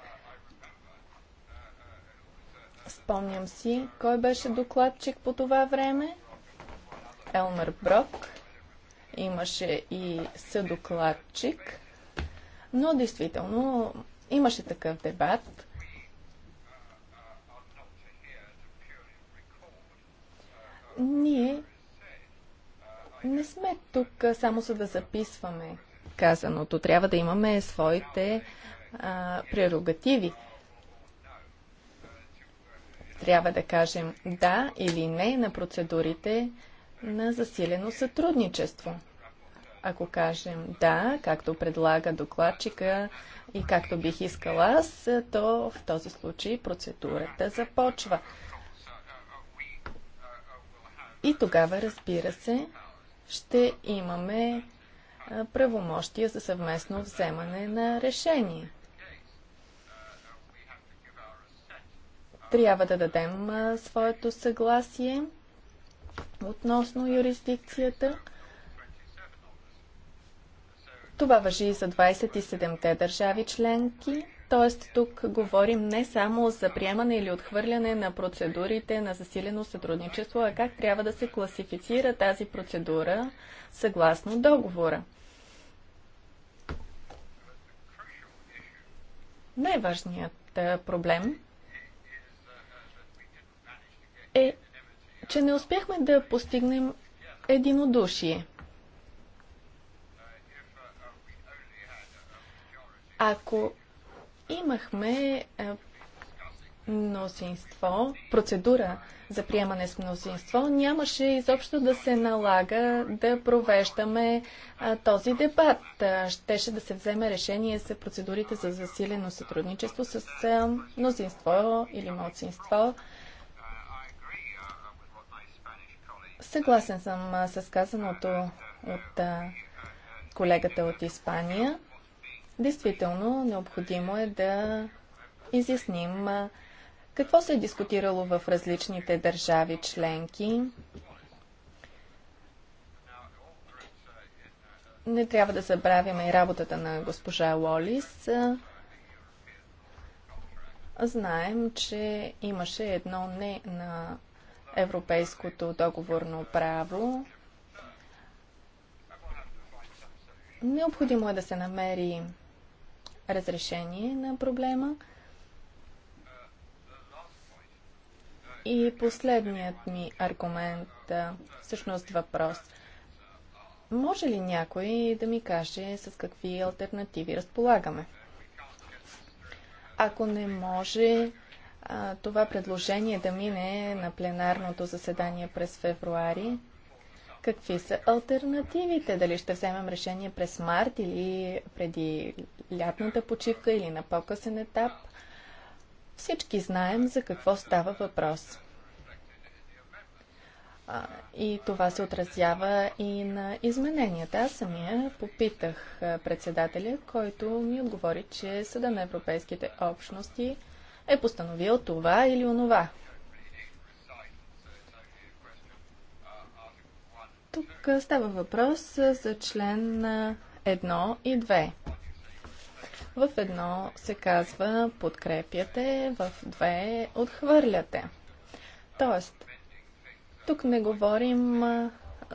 Спомням си, кой беше докладчик по това време? Елмер Брок. Имаше и съдокладчик. Но действително имаше такъв дебат. Ние не сме тук само за да записваме казаното. Трябва да имаме своите а, прерогативи. Трябва да кажем да или не на процедурите на засилено сътрудничество. Ако кажем да, както предлага докладчика и както бих искала аз, то в този случай процедурата започва. И тогава, разбира се, ще имаме правомощия за съвместно вземане на решение. Трябва да дадем своето съгласие относно юрисдикцията. Това въжи и за 27-те държави членки. Тоест тук говорим не само за приемане или отхвърляне на процедурите на засилено сътрудничество, а как трябва да се класифицира тази процедура съгласно договора. Най-важният е, проблем е, че не успяхме да постигнем единодушие. Ако Имахме е, мнозинство, процедура за приемане с мнозинство, нямаше изобщо да се налага да провеждаме а, е, този дебат. А, е, щеше да се вземе решение за процедурите за засилено сътрудничество с а, мнозинство или младсинство. Съгласен съм а, с казаното от а, колегата от Испания. Действително, необходимо е да изясним какво се е дискутирало в различните държави членки. Не трябва да забравяме и работата на госпожа Лолис. Знаем, че имаше едно не на европейското договорно право. Необходимо е да се намери разрешение на проблема. И последният ми аргумент, всъщност въпрос. Може ли някой да ми каже с какви альтернативи разполагаме? Ако не може това предложение да мине на пленарното заседание през февруари, Какви са альтернативите? Дали ще вземем решение през март или преди лятната почивка или на по-късен етап? Всички знаем за какво става въпрос. И това се отразява и на измененията. Аз самия попитах председателя, който ми отговори, че Съда на Европейските общности е постановил това или онова. Тук става въпрос за член 1 и 2. В едно се казва подкрепяте, в две отхвърляте. Тоест, тук не говорим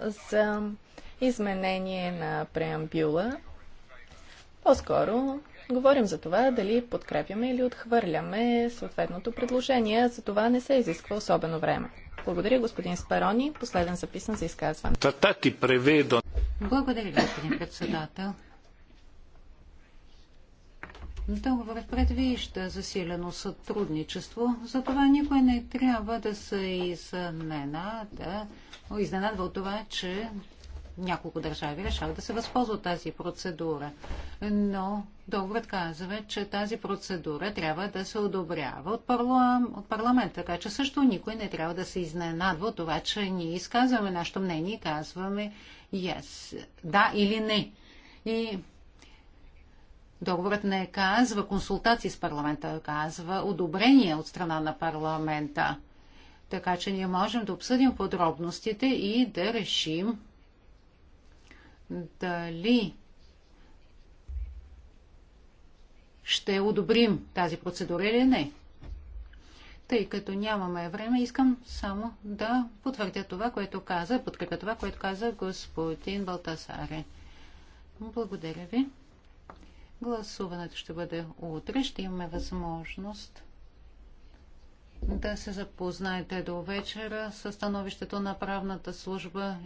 за изменение на преамбюла. По-скоро говорим за това дали подкрепяме или отхвърляме съответното предложение. За това не се изисква особено време. Благодаря, господин Сперони. Последен записан за изказване. преведо. Благодаря, господин председател. Договорът предвижда засилено сътрудничество, затова никой не трябва да се изненада, изненадва от това, че няколко държави решават да се възползват тази процедура. Но договорът казва, че тази процедура трябва да се одобрява от, парла... от парламент, така че също никой не трябва да се изненадва от това, че ние изказваме нашето мнение и казваме yes, да или не. И Договорът не казва консултации с парламента, казва одобрение от страна на парламента. Така че ние можем да обсъдим подробностите и да решим дали ще одобрим тази процедура или не. Тъй като нямаме време, искам само да потвърдя това, което каза, подкрепя това, което каза господин Балтасаре. Благодаря ви. Гласуването ще бъде утре. Ще имаме възможност да се запознаете до вечера с становището на правната служба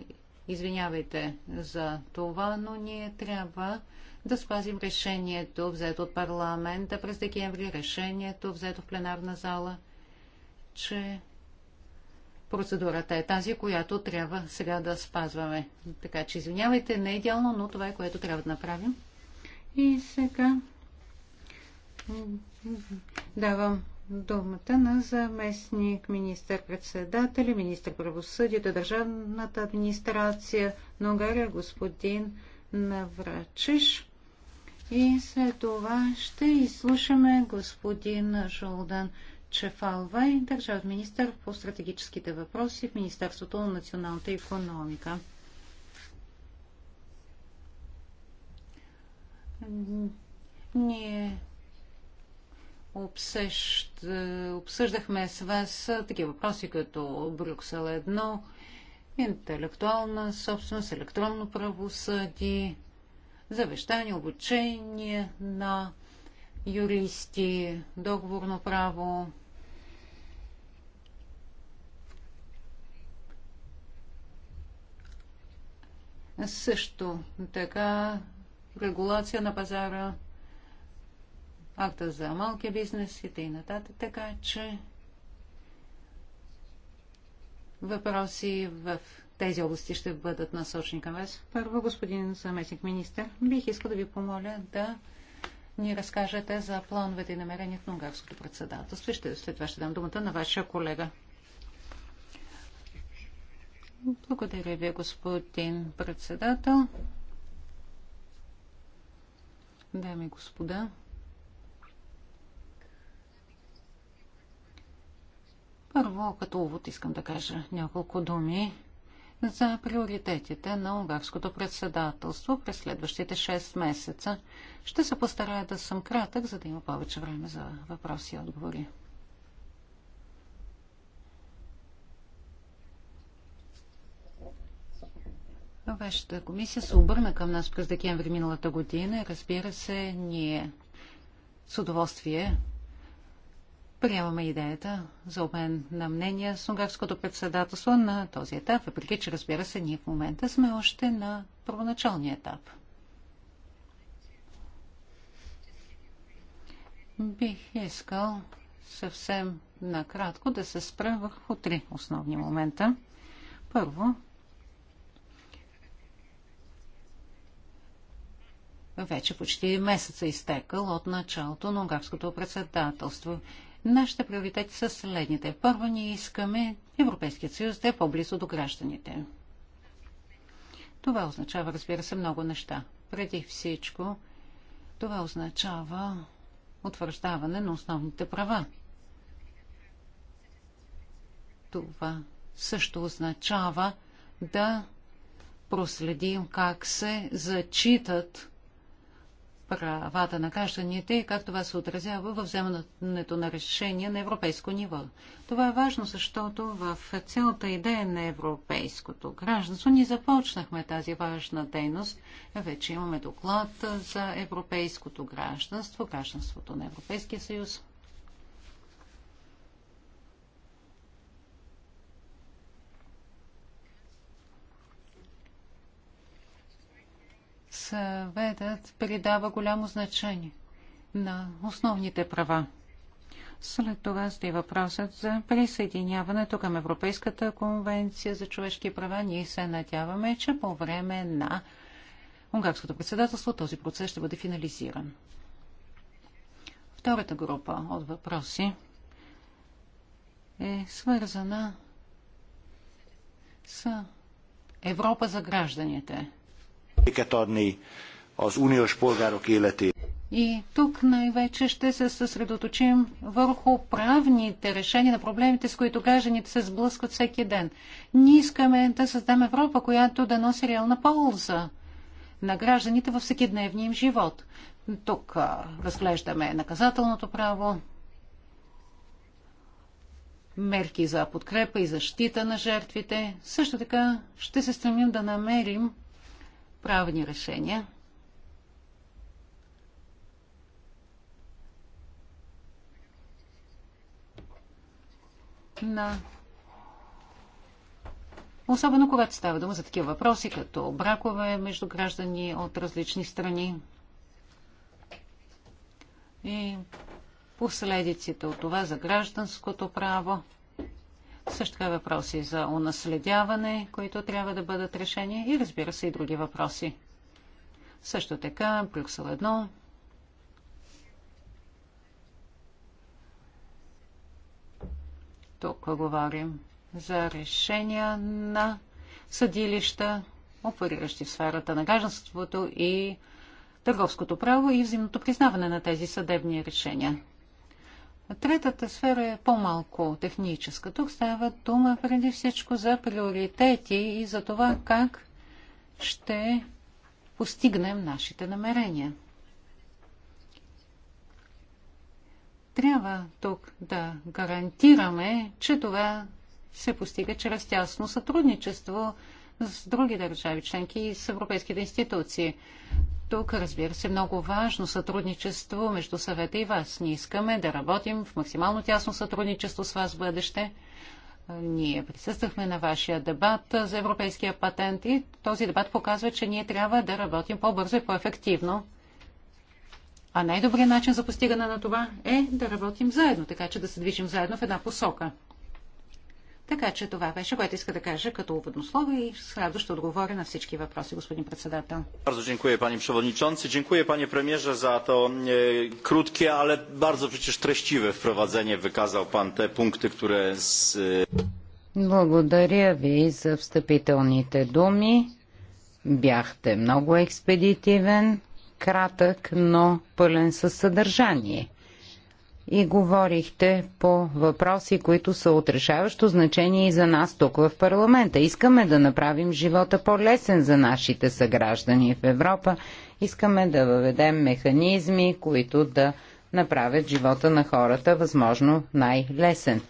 Извинявайте за това, но ние трябва да спазим решението, взето от парламента през декември, решението, взето в пленарна зала, че процедурата е тази, която трябва сега да спазваме. Така че, извинявайте, не е идеално, но това е което трябва да направим. И сега давам думата на заместник министър-председателя, министър правосъдието, държавната администрация на Унгария, господин Наврачиш. И след това ще изслушаме господин Жолдан Чефалвай, държавен министър по стратегическите въпроси в Министерството на националната економика. Ние обсъщ, обсъждахме с вас такива въпроси като Брюксел 1, интелектуална собственост, електронно правосъдие, завещание, обучение на юристи, договорно право. Също така регулация на пазара акта за малкия бизнес и т.н. Така че въпроси в тези области ще бъдат насочени към вас. Първо, господин заместник министр, бих искал да ви помоля да ни разкажете за плановете и намерението на унгарското председателство. Ще, след това ще дам думата на вашия колега. Благодаря ви, господин председател. Дами и господа, Първо, като увод искам да кажа няколко думи за приоритетите на унгарското председателство през следващите 6 месеца. Ще се постарая да съм кратък, за да има повече време за въпроси и отговори. Вашата комисия се обърна към нас през декември миналата година. Разбира се, ние с удоволствие Приемаме идеята за обмен на мнения с унгарското председателство на този етап, въпреки че разбира се, ние в момента сме още на първоначалния етап. Бих искал съвсем накратко да се спра върху три основни момента. Първо, вече почти месеца е изтекал от началото на унгарското председателство Нашите приоритети са следните. Първо, ние искаме Европейският съюз да е по-близо до гражданите. Това означава, разбира се, много неща. Преди всичко, това означава утвърждаване на основните права. Това също означава да проследим как се зачитат правата на гражданите и как това се отразява в вземането на решение на европейско ниво. Това е важно, защото в цялата идея на европейското гражданство ни започнахме тази важна дейност. Вече имаме доклад за европейското гражданство, гражданството на Европейския съюз. съветът придава голямо значение на основните права. След това стои въпросът за присъединяването към Европейската конвенция за човешки права. Ние се надяваме, че по време на унгарското председателство този процес ще бъде финализиран. Втората група от въпроси е свързана с Европа за гражданите adni az uniós polgárok életét. И тук най-вече ще се съсредоточим върху правните решения на проблемите, с които гражданите се сблъскват всеки ден. Ние искаме да създаме Европа, която да носи реална полза на гражданите във всекидневния им живот. Тук разглеждаме наказателното право, мерки за подкрепа и защита на жертвите. Също така ще се стремим да намерим правилни решения. на Особено когато става дума за такива въпроси, като бракове между граждани от различни страни и последиците от това за гражданското право. Също така въпроси за унаследяване, които трябва да бъдат решени и разбира се и други въпроси. Също така Брюксел 1. Тук говорим за решения на съдилища, опериращи в сферата на гражданството и търговското право и взаимното признаване на тези съдебни решения. Третата сфера е по-малко техническа. Тук става дума преди всичко за приоритети и за това как ще постигнем нашите намерения. Трябва тук да гарантираме, че това се постига чрез тясно сътрудничество с други държави членки и с европейските институции тук, разбира се, много важно сътрудничество между съвета и вас. Ние искаме да работим в максимално тясно сътрудничество с вас в бъдеще. Ние присъствахме на вашия дебат за европейския патент и този дебат показва, че ние трябва да работим по-бързо и по-ефективно. А най-добрият начин за постигане на това е да работим заедно, така че да се движим заедно в една посока. Така че това беше, което иска да кажа като уводно слово и с радост ще отговоря на всички въпроси, господин председател. Bardzo dziękuję panie przewodniczący, dziękuję panie premierze za to e, krótkie, ale bardzo przecież treściwe wprowadzenie. Wykazał pan te punkty, które z... E, Благодаря ви за встъпителните думи. Бяхте много експедитивен, кратък, но пълен със съдържание и говорихте по въпроси, които са отрешаващо значение и за нас тук в парламента. Искаме да направим живота по-лесен за нашите съграждани в Европа. Искаме да въведем механизми, които да направят живота на хората възможно най-лесен.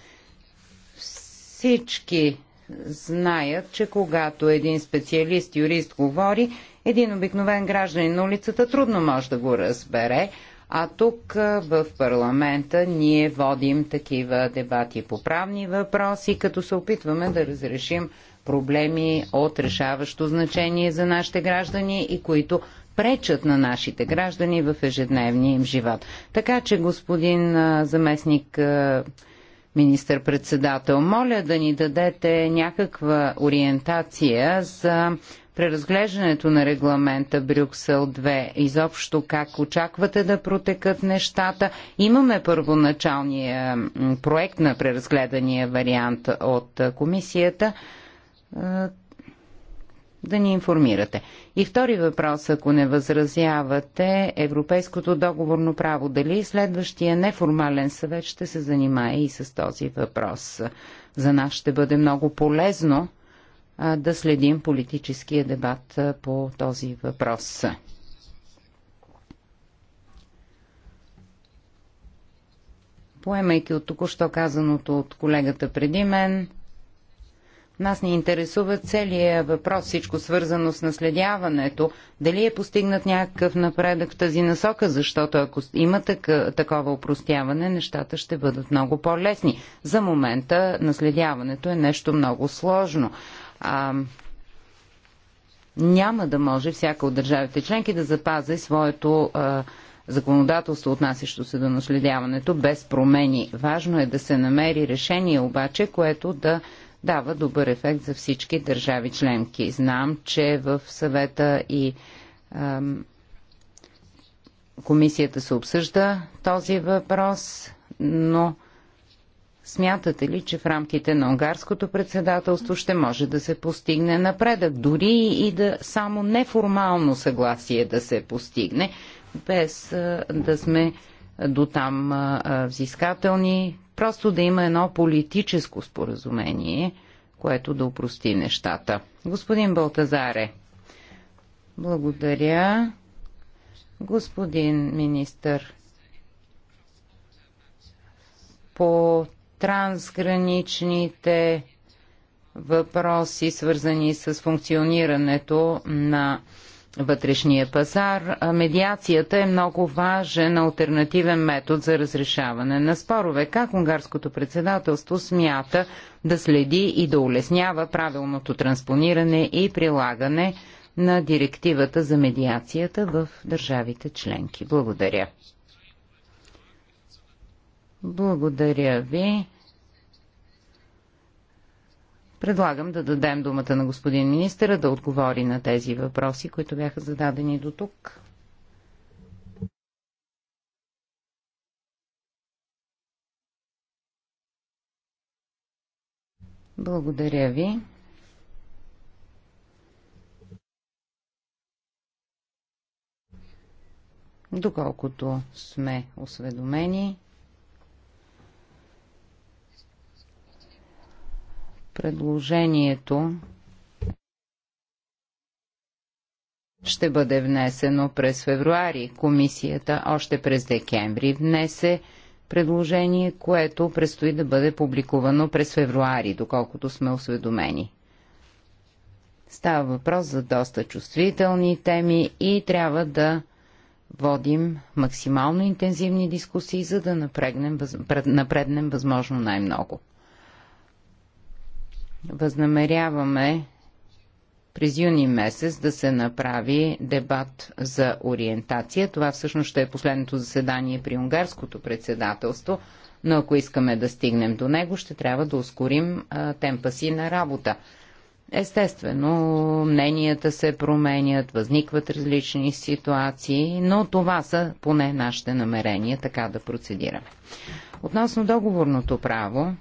Всички знаят, че когато един специалист, юрист говори, един обикновен гражданин на улицата трудно може да го разбере, а тук в парламента ние водим такива дебати по правни въпроси, като се опитваме да разрешим проблеми от решаващо значение за нашите граждани и които пречат на нашите граждани в ежедневния им живот. Така че, господин заместник министър-председател, моля да ни дадете някаква ориентация за преразглеждането на регламента Брюксел 2, изобщо как очаквате да протекат нещата. Имаме първоначалния проект на преразгледания вариант от комисията да ни информирате. И втори въпрос, ако не възразявате, Европейското договорно право, дали следващия неформален съвет ще се занимае и с този въпрос? За нас ще бъде много полезно да следим политическия дебат по този въпрос. Поемайки от току-що казаното от колегата преди мен, нас ни интересува целият въпрос, всичко свързано с наследяването. Дали е постигнат някакъв напредък в тази насока, защото ако има така, такова упростяване, нещата ще бъдат много по-лесни. За момента наследяването е нещо много сложно а, няма да може всяка от държавите членки да запази своето а, законодателство, отнасящо се до наследяването, без промени. Важно е да се намери решение обаче, което да дава добър ефект за всички държави членки. Знам, че в съвета и а, комисията се обсъжда този въпрос, но Смятате ли, че в рамките на унгарското председателство ще може да се постигне напредък, дори и да само неформално съгласие да се постигне, без да сме до там взискателни, просто да има едно политическо споразумение, което да упрости нещата. Господин Балтазаре, благодаря. Господин министър, по трансграничните въпроси, свързани с функционирането на вътрешния пазар. Медиацията е много важен альтернативен метод за разрешаване на спорове. Как унгарското председателство смята да следи и да улеснява правилното транспониране и прилагане на директивата за медиацията в държавите членки? Благодаря. Благодаря ви. Предлагам да дадем думата на господин министъра да отговори на тези въпроси, които бяха зададени до тук. Благодаря ви. Доколкото сме осведомени, Предложението ще бъде внесено през февруари. Комисията още през декември внесе предложение, което предстои да бъде публикувано през февруари, доколкото сме осведомени. Става въпрос за доста чувствителни теми и трябва да водим максимално интензивни дискусии, за да напрегнем, напреднем възможно най-много. Възнамеряваме през юни месец да се направи дебат за ориентация. Това всъщност ще е последното заседание при унгарското председателство, но ако искаме да стигнем до него, ще трябва да ускорим а, темпа си на работа. Естествено, мненията се променят, възникват различни ситуации, но това са поне нашите намерения така да процедираме. Относно договорното право,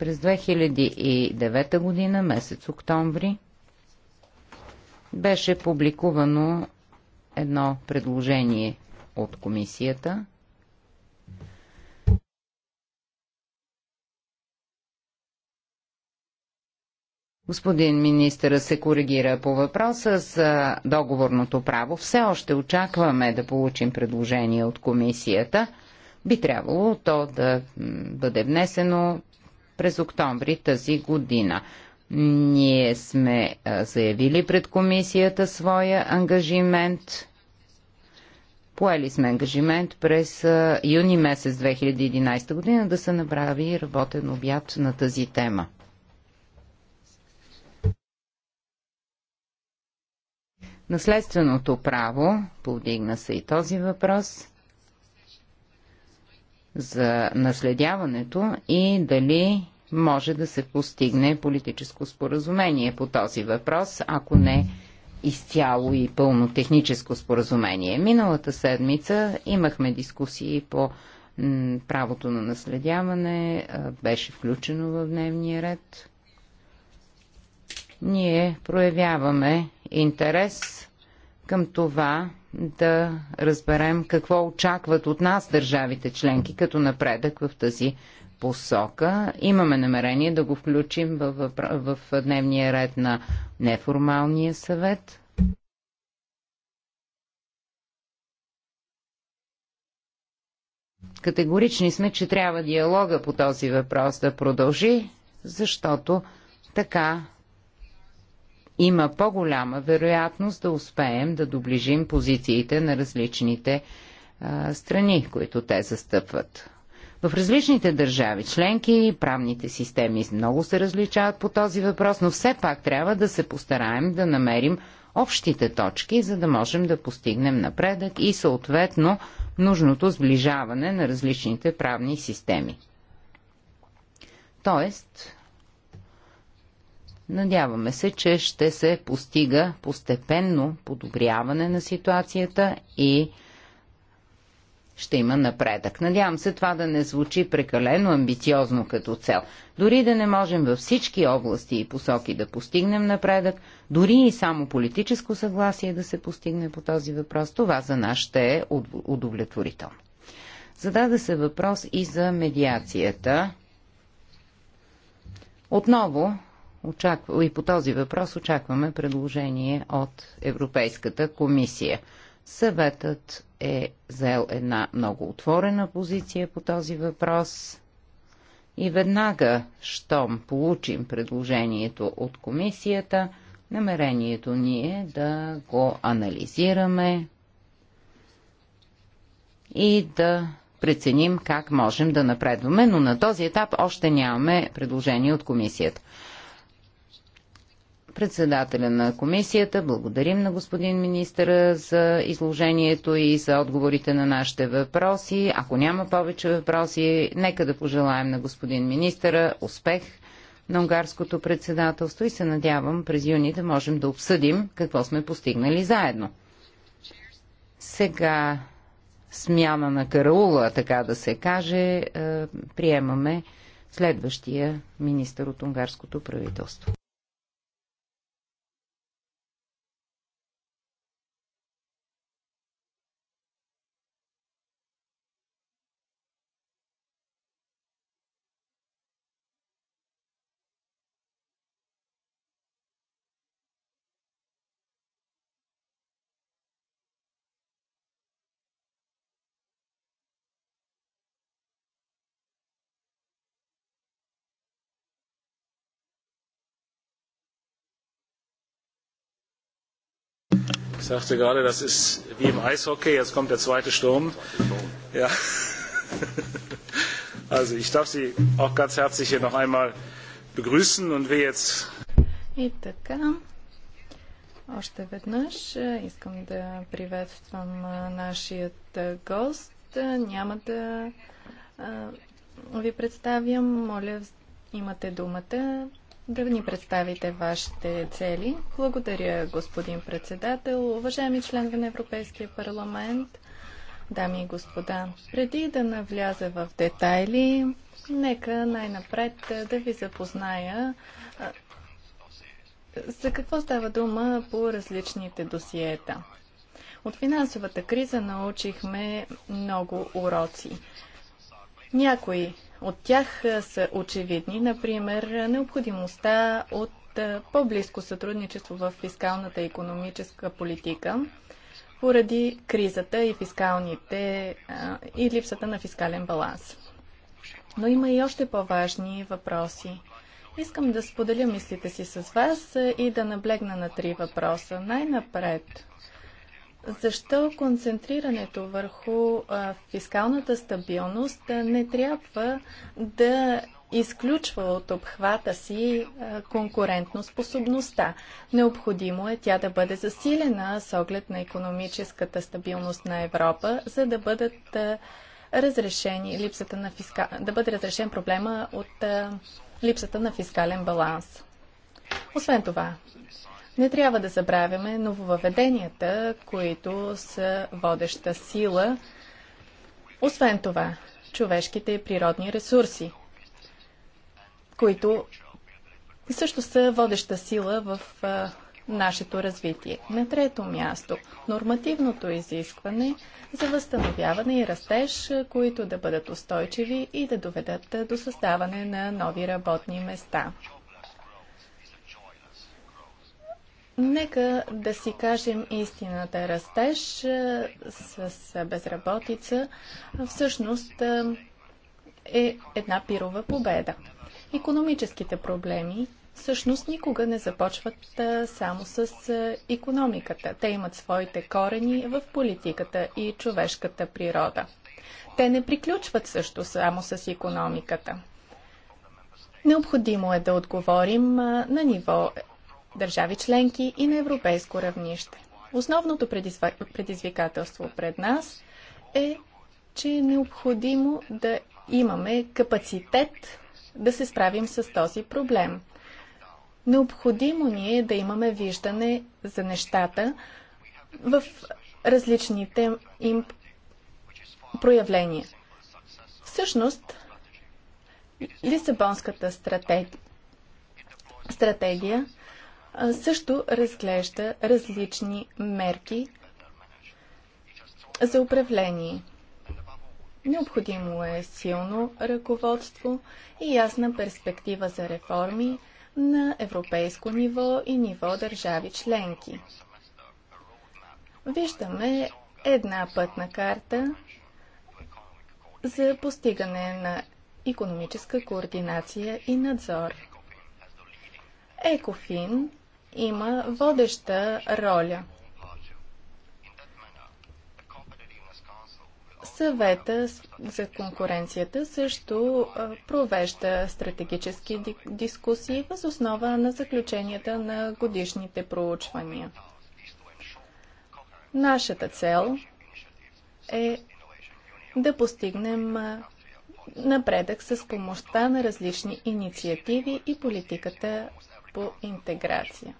през 2009 година, месец октомври, беше публикувано едно предложение от комисията. Господин министъра се коригира по въпроса за договорното право. Все още очакваме да получим предложение от комисията. Би трябвало то да бъде внесено през октомври тази година. Ние сме заявили пред комисията своя ангажимент. Поели сме ангажимент през юни месец 2011 година да се направи работен обяд на тази тема. Наследственото право, повдигна се и този въпрос, за наследяването и дали може да се постигне политическо споразумение по този въпрос, ако не изцяло и пълно техническо споразумение. Миналата седмица имахме дискусии по правото на наследяване, беше включено в дневния ред. Ние проявяваме интерес към това да разберем какво очакват от нас държавите членки като напредък в тази посока. Имаме намерение да го включим в, в, в дневния ред на неформалния съвет. Категорични сме, че трябва диалога по този въпрос да продължи, защото така има по-голяма вероятност да успеем да доближим позициите на различните а, страни, които те застъпват. В различните държави членки правните системи много се различават по този въпрос, но все пак трябва да се постараем да намерим общите точки, за да можем да постигнем напредък и съответно нужното сближаване на различните правни системи. Тоест, Надяваме се, че ще се постига постепенно подобряване на ситуацията и ще има напредък. Надявам се това да не звучи прекалено амбициозно като цел. Дори да не можем във всички области и посоки да постигнем напредък, дори и само политическо съгласие да се постигне по този въпрос, това за нас ще е удовлетворително. Зададе се въпрос и за медиацията. Отново Очаква, и по този въпрос очакваме предложение от Европейската комисия. Съветът е взел една много отворена позиция по този въпрос и веднага, щом получим предложението от комисията, намерението ни е да го анализираме и да преценим как можем да напредваме, но на този етап още нямаме предложение от комисията. Председателя на комисията, благодарим на господин министъра за изложението и за отговорите на нашите въпроси. Ако няма повече въпроси, нека да пожелаем на господин министъра успех на унгарското председателство и се надявам през юни да можем да обсъдим какво сме постигнали заедно. Сега смяна на караула, така да се каже, е, приемаме следващия министър от унгарското правителство. Ich sagte gerade, das ist wie im Eishockey, jetzt kommt der zweite Sturm. Ja. Also ich darf Sie auch ganz herzlich hier noch einmal begrüßen und wir jetzt. още веднъж искам да приветствам нашият гост. Няма да ви представям. Моля, имате думата да ни представите вашите цели. Благодаря, господин председател, уважаеми членове на Европейския парламент, дами и господа. Преди да навляза в детайли, нека най-напред да ви запозная за какво става дума по различните досиета. От финансовата криза научихме много уроци. Някои от тях е, са очевидни, например необходимостта от е, по-близко сътрудничество в фискалната и економическа политика поради кризата и фискалните е, и липсата на фискален баланс. Но има и още по-важни въпроси. Искам да споделя мислите си с вас и да наблегна на три въпроса. Най-напред защо концентрирането върху фискалната стабилност не трябва да изключва от обхвата си конкурентно способността. Необходимо е тя да бъде засилена с оглед на економическата стабилност на Европа, за да бъдат разрешени липсата на фиска... да бъде разрешен проблема от липсата на фискален баланс. Освен това, не трябва да забравяме нововъведенията, които са водеща сила. Освен това, човешките и природни ресурси, които също са водеща сила в нашето развитие. На трето място нормативното изискване за възстановяване и растеж, които да бъдат устойчиви и да доведат до създаване на нови работни места. Нека да си кажем истината. Растеж с безработица всъщност е една пирова победа. Економическите проблеми всъщност никога не започват само с економиката. Те имат своите корени в политиката и човешката природа. Те не приключват също само с економиката. Необходимо е да отговорим на ниво държави членки и на европейско равнище. Основното предизвикателство пред нас е, че е необходимо да имаме капацитет да се справим с този проблем. Необходимо ни е да имаме виждане за нещата в различните им проявления. Всъщност, Лисабонската стратегия, стратегия също разглежда различни мерки за управление. Необходимо е силно ръководство и ясна перспектива за реформи на европейско ниво и ниво държави членки. Виждаме една пътна карта за постигане на економическа координация и надзор. Екофин има водеща роля. Съвета за конкуренцията също провежда стратегически дискусии въз основа на заключенията на годишните проучвания. Нашата цел е да постигнем напредък с помощта на различни инициативи и политиката по интеграция.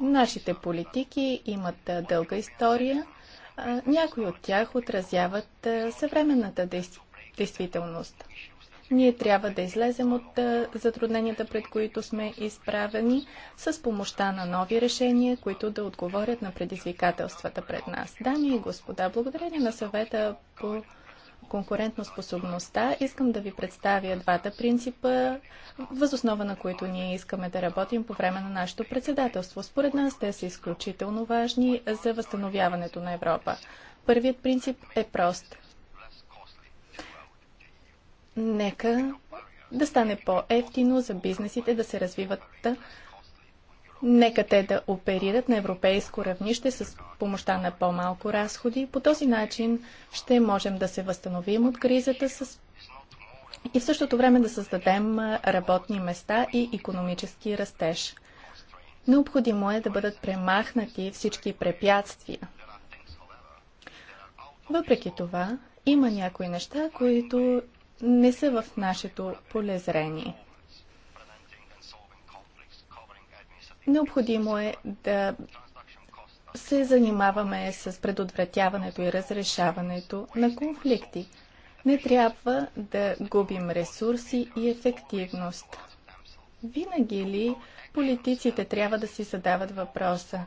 Нашите политики имат дълга история. Някои от тях отразяват съвременната действителност. Ние трябва да излезем от затрудненията, пред които сме изправени, с помощта на нови решения, които да отговорят на предизвикателствата пред нас. Дами и господа, благодарение на съвета по конкурентоспособността, искам да ви представя двата принципа, възоснова на които ние искаме да работим по време на нашето председателство. Според нас те са изключително важни за възстановяването на Европа. Първият принцип е прост. Нека да стане по-ефтино за бизнесите да се развиват Нека те да оперират на европейско равнище с помощта на по-малко разходи. По този начин ще можем да се възстановим от кризата с... и в същото време да създадем работни места и економически растеж. Необходимо е да бъдат премахнати всички препятствия. Въпреки това, има някои неща, които не са в нашето полезрение. Необходимо е да се занимаваме с предотвратяването и разрешаването на конфликти. Не трябва да губим ресурси и ефективност. Винаги ли политиците трябва да си задават въпроса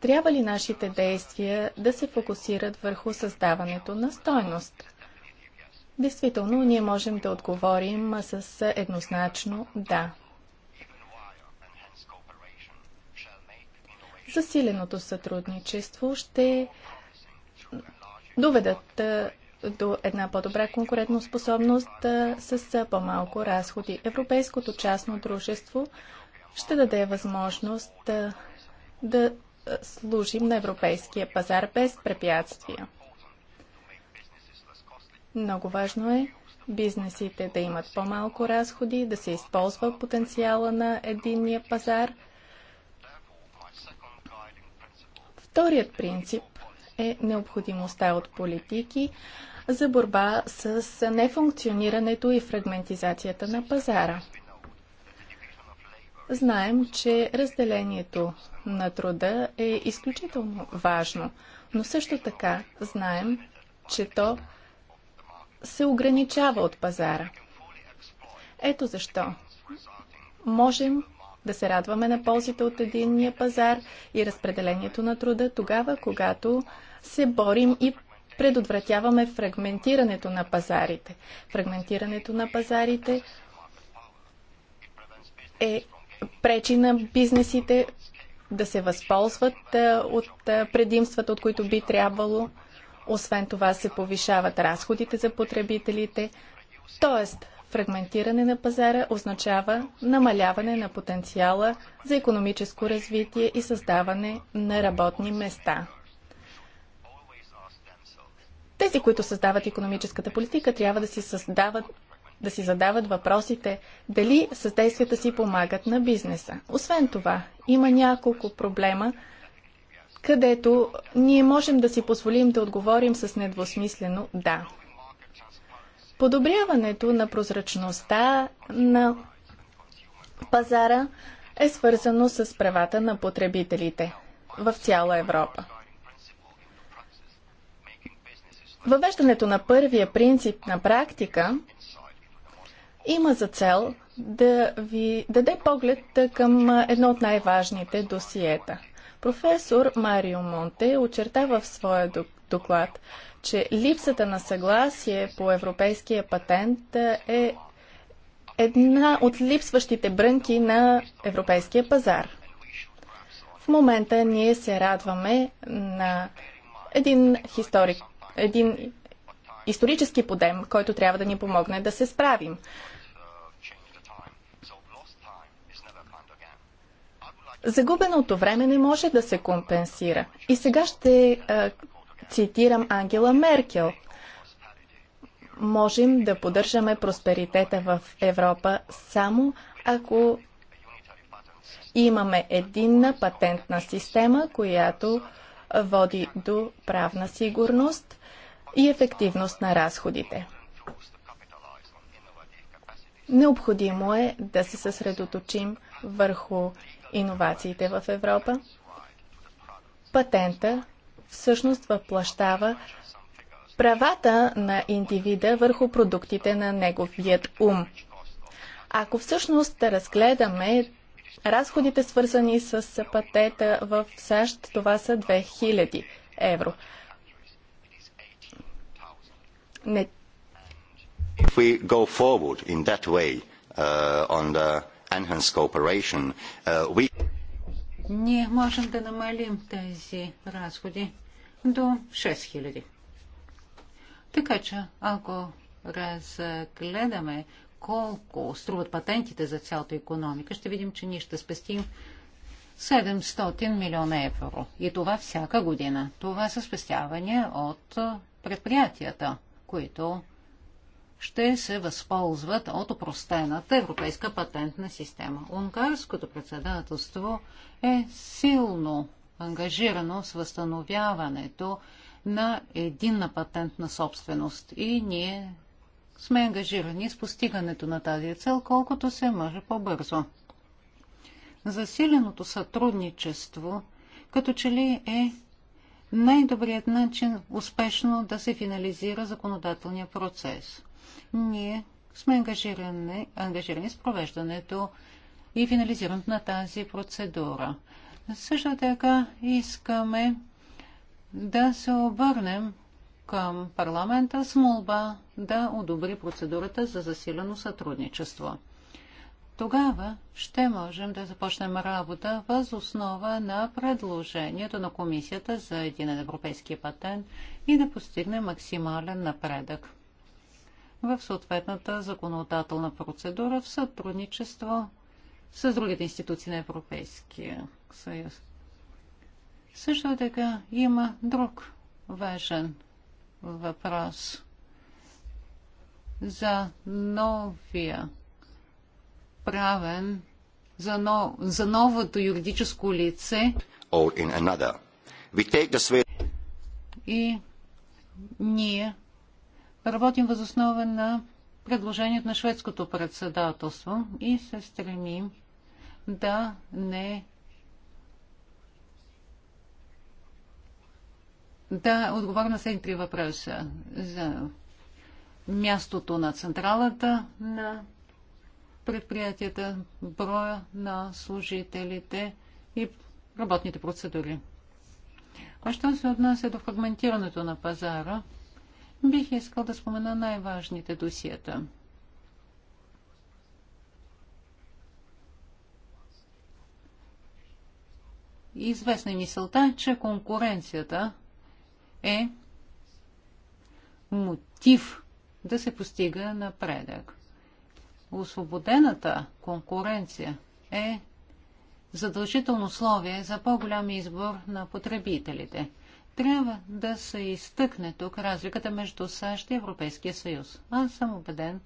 трябва ли нашите действия да се фокусират върху създаването на стойност? Действително, ние можем да отговорим с еднозначно да. Засиленото сътрудничество ще доведат до една по-добра конкурентоспособност с по-малко разходи. Европейското частно дружество ще даде възможност да, да служим на европейския пазар без препятствия. Много важно е бизнесите да имат по-малко разходи, да се използва потенциала на единния пазар – Вторият принцип е необходимостта от политики за борба с нефункционирането и фрагментизацията на пазара. Знаем, че разделението на труда е изключително важно, но също така знаем, че то се ограничава от пазара. Ето защо можем да се радваме на ползите от единния пазар и разпределението на труда тогава, когато се борим и предотвратяваме фрагментирането на пазарите. Фрагментирането на пазарите е пречи на бизнесите да се възползват от предимствата, от които би трябвало. Освен това се повишават разходите за потребителите. Тоест, Фрагментиране на пазара означава намаляване на потенциала за економическо развитие и създаване на работни места. Тези, които създават економическата политика, трябва да си, създават, да си задават въпросите дали с действията си помагат на бизнеса. Освен това, има няколко проблема, където ние можем да си позволим да отговорим с недвусмислено да. Подобряването на прозрачността на пазара е свързано с правата на потребителите в цяла Европа. Въвеждането на първия принцип на практика има за цел да ви даде поглед към едно от най-важните досиета. Професор Марио Монте очертава в своя доклад доклад, че липсата на съгласие по европейския патент е, е една от липсващите брънки на европейския пазар. В момента ние се радваме на един историк, един исторически подем, който трябва да ни помогне да се справим. Загубеното време не може да се компенсира. И сега ще а, е, Цитирам Ангела Меркел. Можем да поддържаме просперитета в Европа само ако имаме единна патентна система, която води до правна сигурност и ефективност на разходите. Необходимо е да се съсредоточим върху иновациите в Европа. Патента всъщност въплащава правата на индивида върху продуктите на неговият ум. Ако всъщност разгледаме разходите свързани с патета в САЩ, това са 2000 евро. Не... If we go forward in that way uh, on the enhanced cooperation, uh, we ние можем да намалим тези разходи до 6000. Така че, ако разгледаме колко струват патентите за цялата економика, ще видим, че ние ще спестим 700 милиона евро. И това всяка година. Това са спестявания от предприятията, които ще се възползват от опростената европейска патентна система. Унгарското председателство е силно ангажирано с възстановяването на единна патентна собственост и ние сме ангажирани с постигането на тази цел колкото се може по-бързо. Засиленото сътрудничество като че ли е най-добрият начин успешно да се финализира законодателния процес ние сме ангажирани, ангажирани с провеждането и финализирането на тази процедура. Също така искаме да се обърнем към парламента с молба да одобри процедурата за засилено сътрудничество. Тогава ще можем да започнем работа въз основа на предложението на Комисията за един европейски патент и да постигнем максимален напредък в съответната законодателна процедура в сътрудничество с другите институции на Европейския съюз. Също така има друг важен въпрос за новия правен, за, но, за новото юридическо лице и ние Работим възоснова на предложението на шведското председателство и се стремим да не да отговоря на следните три въпроса за мястото на централата на предприятията, броя на служителите и работните процедури. А що се отнася до фрагментирането на пазара, Бих искал да спомена най-важните досиета. Известна е мисълта, че конкуренцията е мотив да се постига напредък. Освободената конкуренция е задължително условие за по-голям избор на потребителите. Трябва да се изтъкне тук разликата между САЩ и Европейския съюз. Аз съм убеден,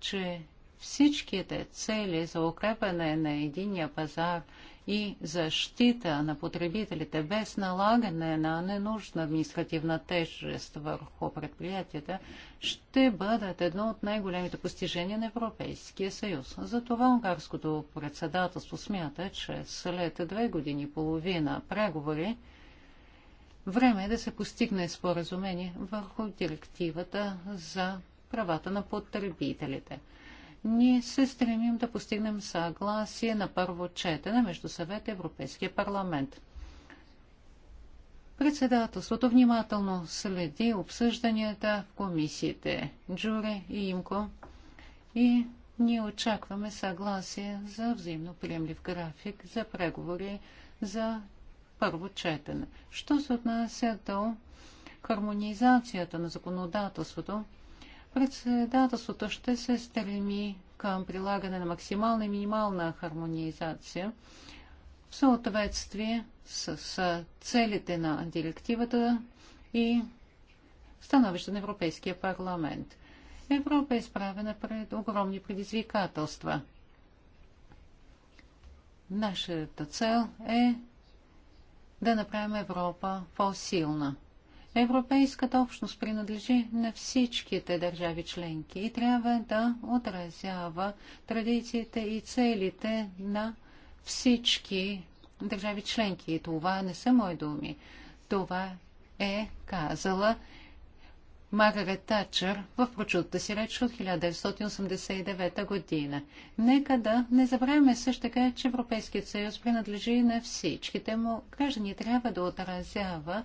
че всичките цели за укрепване на единия пазар и защита на потребителите без налагане на ненужна административна тежест върху предприятията ще бъдат едно от най-големите постижения на Европейския съюз. Затова унгарското председателство смята, че след две години и половина преговори Време е да се постигне споразумение върху директивата за правата на потребителите. Ние се стремим да постигнем съгласие на първо четене между съвет и Европейския парламент. Председателството внимателно следи обсъжданията в комисиите Джуре и Имко и ние очакваме съгласие за взаимно приемлив график за преговори за първо четене. Що се отнася до хармонизацията на законодателството, председателството ще се стреми към прилагане на максимална и минимална хармонизация в съответствие с, с целите на директивата и становище на Европейския парламент. Европа е изправена пред огромни предизвикателства. Нашата цел е да направим Европа по-силна. Европейската общност принадлежи на всичките държави членки и трябва да отразява традициите и целите на всички държави членки. И това не са мои думи. Това е казала Маргарет Тачър в прочутата си реч от 1989 година. Нека да не забравяме също така, че Европейският съюз принадлежи на всичките му граждани. Трябва да отразява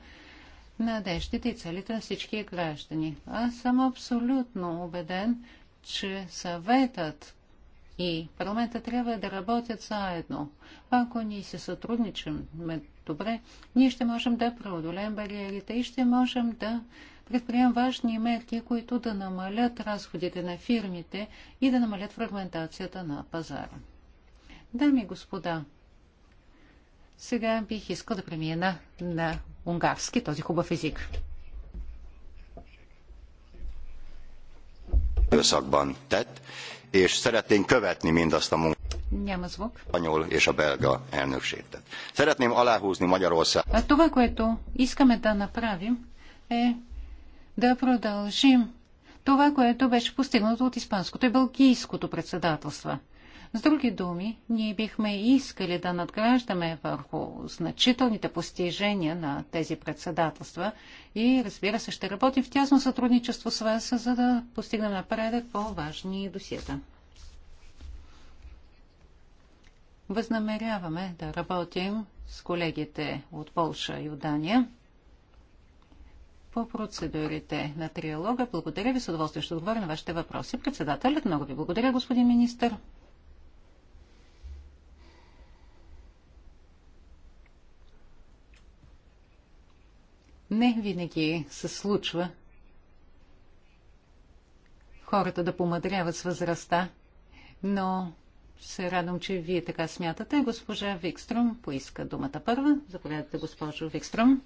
надеждите и целите на всички граждани. Аз съм абсолютно убеден, че съветът и парламента трябва да работят заедно. Ако ние се сътрудничим добре, ние ще можем да преодолеем бариерите и ще можем да предприем важни мерки, които да намалят разходите на фирмите и да намалят фрагментацията на пазара. Дами и господа, сега бих искал да премина на унгарски, този хубав език. tett, és szeretnénk követni mindazt a munkát. Няма звук. Spanyol és a belga elnökség tett. Szeretném aláhúzni Magyarország. Това, което искаме да направим е да продължим това, което беше постигнато от Испанското и Бългийското председателство. С други думи, ние бихме искали да надграждаме върху значителните постижения на тези председателства и разбира се ще работим в тясно сътрудничество с вас, за да постигнем напредък по важни досиета. Възнамеряваме да работим с колегите от Полша и от Дания – по процедурите на триалога. Благодаря ви. С удоволствие ще отговоря на вашите въпроси. Председателят, много ви благодаря, господин министр. Не винаги се случва хората да помадряват с възрастта, но се радвам, че вие така смятате. Госпожа Викстром поиска думата първа. Заповядайте, госпожо Викстром.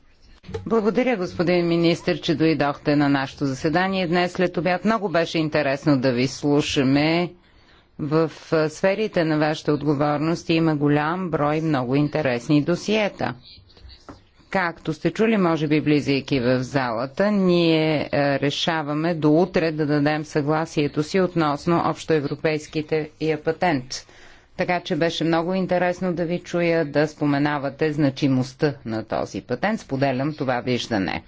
Благодаря, господин министр, че дойдохте на нашето заседание днес след обяд. Много беше интересно да ви слушаме. В сферите на вашите отговорности има голям брой много интересни досиета. Както сте чули, може би влизайки в залата, ние е, решаваме до утре да дадем съгласието си относно общоевропейските я патент. Така че беше много интересно да ви чуя да споменавате значимостта на този патент. Споделям това виждане.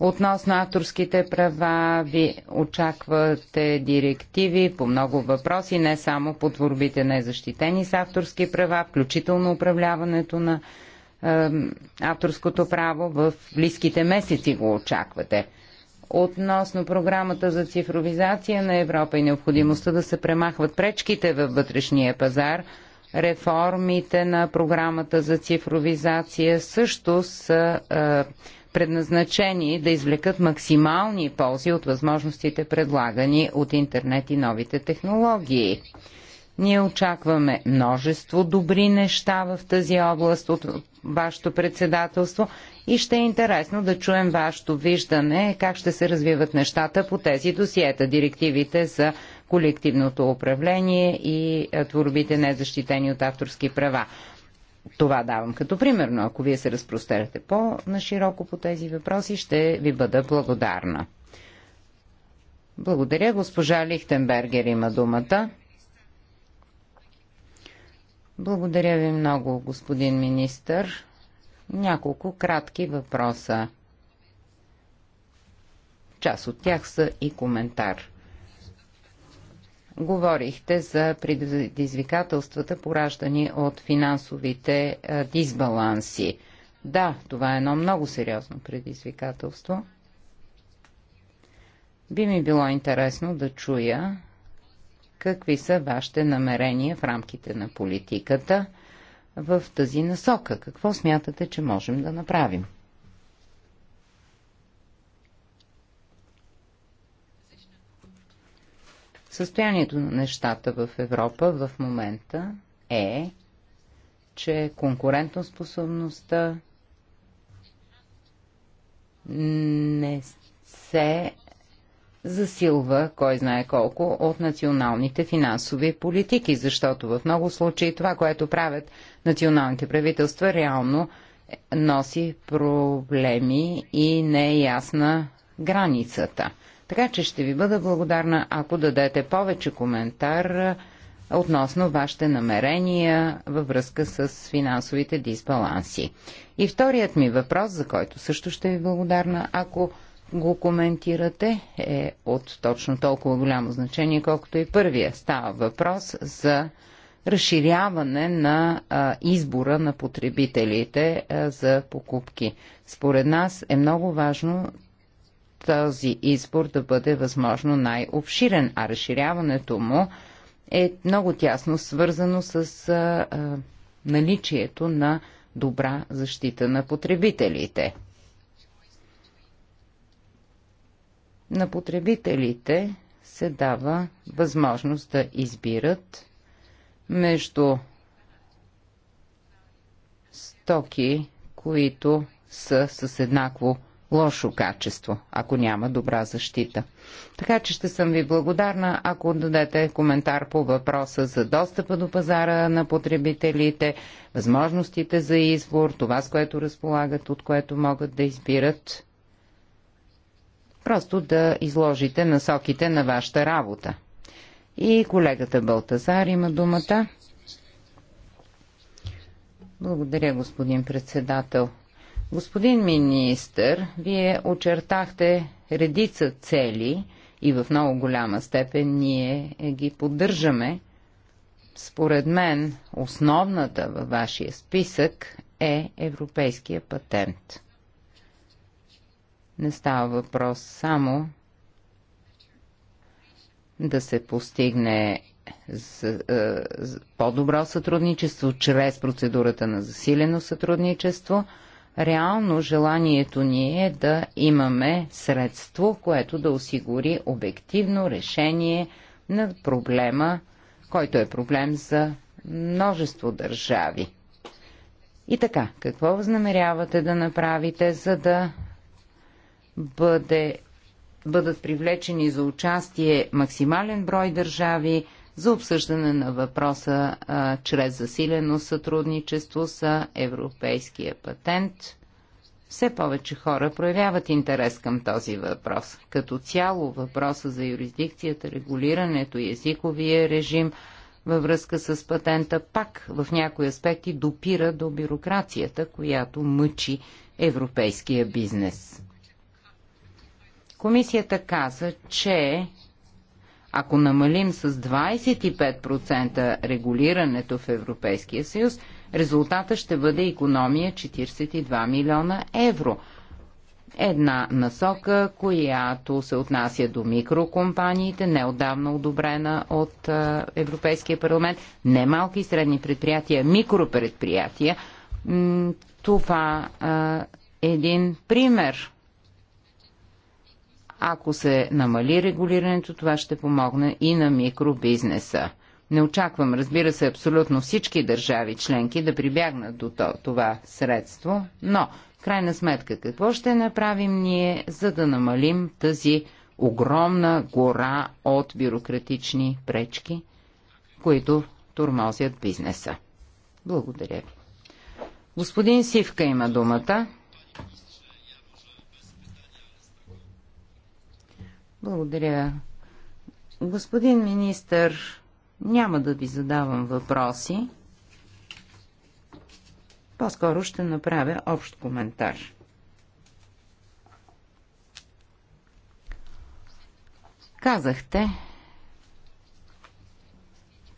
Относно авторските права, ви очаквате директиви по много въпроси, не само по творбите на защитени с авторски права, включително управляването на е, авторското право в близките месеци го очаквате относно програмата за цифровизация на Европа и необходимостта да се премахват пречките във вътрешния пазар. Реформите на програмата за цифровизация също са е, предназначени да извлекат максимални ползи от възможностите предлагани от интернет и новите технологии. Ние очакваме множество добри неща в тази област от вашето председателство и ще е интересно да чуем вашето виждане как ще се развиват нещата по тези досиета, директивите за колективното управление и е, творбите незащитени от авторски права. Това давам като примерно. Ако вие се разпростерете по-нашироко по тези въпроси, ще ви бъда благодарна. Благодаря. Госпожа Лихтенбергер има думата. Благодаря ви много, господин министър. Няколко кратки въпроса. Част от тях са и коментар. Говорихте за предизвикателствата, пораждани от финансовите дисбаланси. Да, това е едно много сериозно предизвикателство. Би ми било интересно да чуя Какви са вашите намерения в рамките на политиката в тази насока? Какво смятате, че можем да направим? Състоянието на нещата в Европа в момента е, че конкурентоспособността не се засилва, кой знае колко, от националните финансови политики, защото в много случаи това, което правят националните правителства, реално носи проблеми и не е ясна границата. Така че ще ви бъда благодарна, ако дадете повече коментар относно вашите намерения във връзка с финансовите дисбаланси. И вторият ми въпрос, за който също ще ви благодарна, ако го коментирате, е от точно толкова голямо значение, колкото и първия. Става въпрос за разширяване на а, избора на потребителите а, за покупки. Според нас е много важно този избор да бъде възможно най-обширен, а разширяването му е много тясно свързано с а, а, наличието на добра защита на потребителите. На потребителите се дава възможност да избират между стоки, които са с еднакво лошо качество, ако няма добра защита. Така че ще съм ви благодарна, ако дадете коментар по въпроса за достъпа до пазара на потребителите, възможностите за избор, това с което разполагат, от което могат да избират просто да изложите насоките на вашата работа. И колегата Балтазар има думата. Благодаря, господин председател. Господин министър, вие очертахте редица цели и в много голяма степен ние ги поддържаме. Според мен, основната във вашия списък е европейския патент. Не става въпрос само да се постигне е, по-добро сътрудничество чрез процедурата на засилено сътрудничество. Реално желанието ни е да имаме средство, което да осигури обективно решение на проблема, който е проблем за множество държави. И така, какво възнамерявате да направите, за да бъде, бъдат привлечени за участие максимален брой държави за обсъждане на въпроса а, чрез засилено сътрудничество с европейския патент. Все повече хора проявяват интерес към този въпрос. Като цяло въпроса за юрисдикцията, регулирането и езиковия режим във връзка с патента пак в някои аспекти допира до бюрокрацията, която мъчи европейския бизнес. Комисията каза, че ако намалим с 25% регулирането в Европейския съюз, резултата ще бъде економия 42 милиона евро. Една насока, която се отнася до микрокомпаниите, неодавна одобрена от Европейския парламент, не малки и средни предприятия, микропредприятия. Това е един пример ако се намали регулирането, това ще помогне и на микробизнеса. Не очаквам, разбира се, абсолютно всички държави членки да прибягнат до това средство, но в крайна сметка какво ще направим ние, за да намалим тази огромна гора от бюрократични пречки, които тормозят бизнеса? Благодаря ви. Господин Сивка има думата. Благодаря. Господин министър, няма да ви задавам въпроси. По-скоро ще направя общ коментар. Казахте,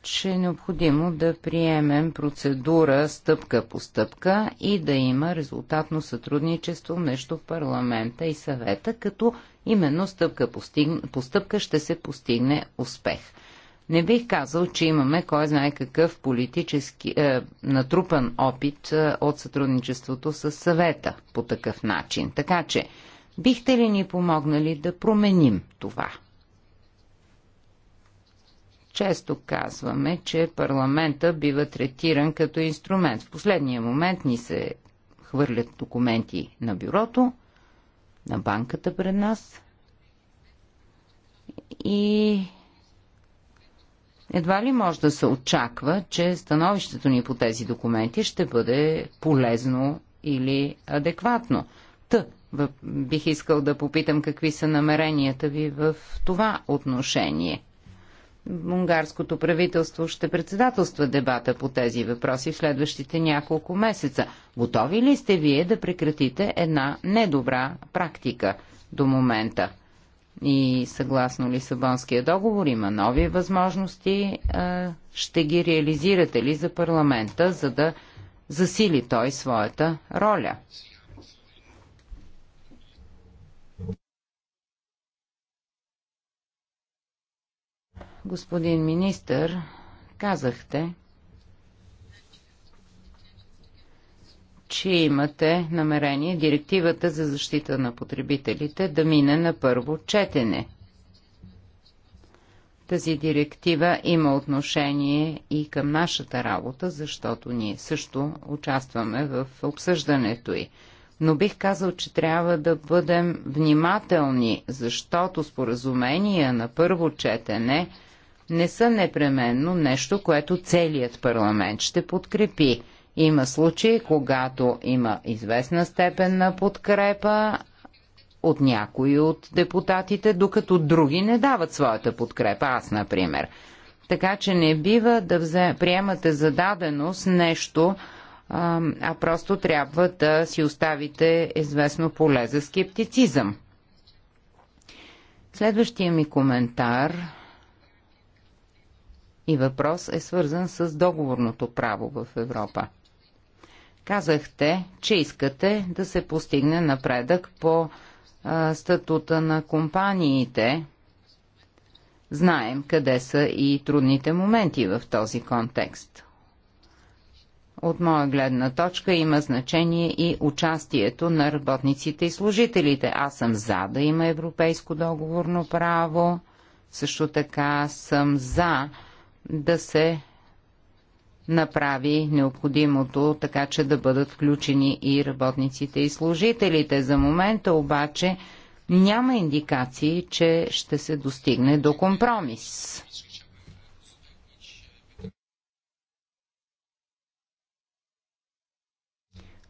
че е необходимо да приемем процедура стъпка по стъпка и да има резултатно сътрудничество между парламента и съвета, като именно стъпка по, стиг... по стъпка ще се постигне успех. Не бих казал, че имаме кой знае какъв политически е, натрупан опит е, от сътрудничеството с съвета по такъв начин. Така че, бихте ли ни помогнали да променим това? Често казваме, че парламента бива третиран като инструмент. В последния момент ни се хвърлят документи на бюрото, на банката пред нас и едва ли може да се очаква, че становището ни по тези документи ще бъде полезно или адекватно. Та, бих искал да попитам какви са намеренията ви в това отношение – унгарското правителство ще председателства дебата по тези въпроси в следващите няколко месеца. Готови ли сте вие да прекратите една недобра практика до момента? И съгласно Лисабонския договор има нови възможности. Е, ще ги реализирате ли за парламента, за да засили той своята роля? Господин министър, казахте, че имате намерение директивата за защита на потребителите да мине на първо четене. Тази директива има отношение и към нашата работа, защото ние също участваме в обсъждането й. Но бих казал, че трябва да бъдем внимателни, защото споразумения на първо четене – не са непременно нещо, което целият парламент ще подкрепи. Има случаи, когато има известна степен на подкрепа от някои от депутатите, докато други не дават своята подкрепа. Аз, например. Така че не бива да взе, приемате за даденост нещо, а, а просто трябва да си оставите известно поле за скептицизъм. Следващия ми коментар и въпрос е свързан с договорното право в Европа. Казахте, че искате да се постигне напредък по а, статута на компаниите. Знаем къде са и трудните моменти в този контекст. От моя гледна точка има значение и участието на работниците и служителите. Аз съм за да има европейско договорно право. Също така съм за да се направи необходимото, така че да бъдат включени и работниците и служителите. За момента обаче няма индикации, че ще се достигне до компромис.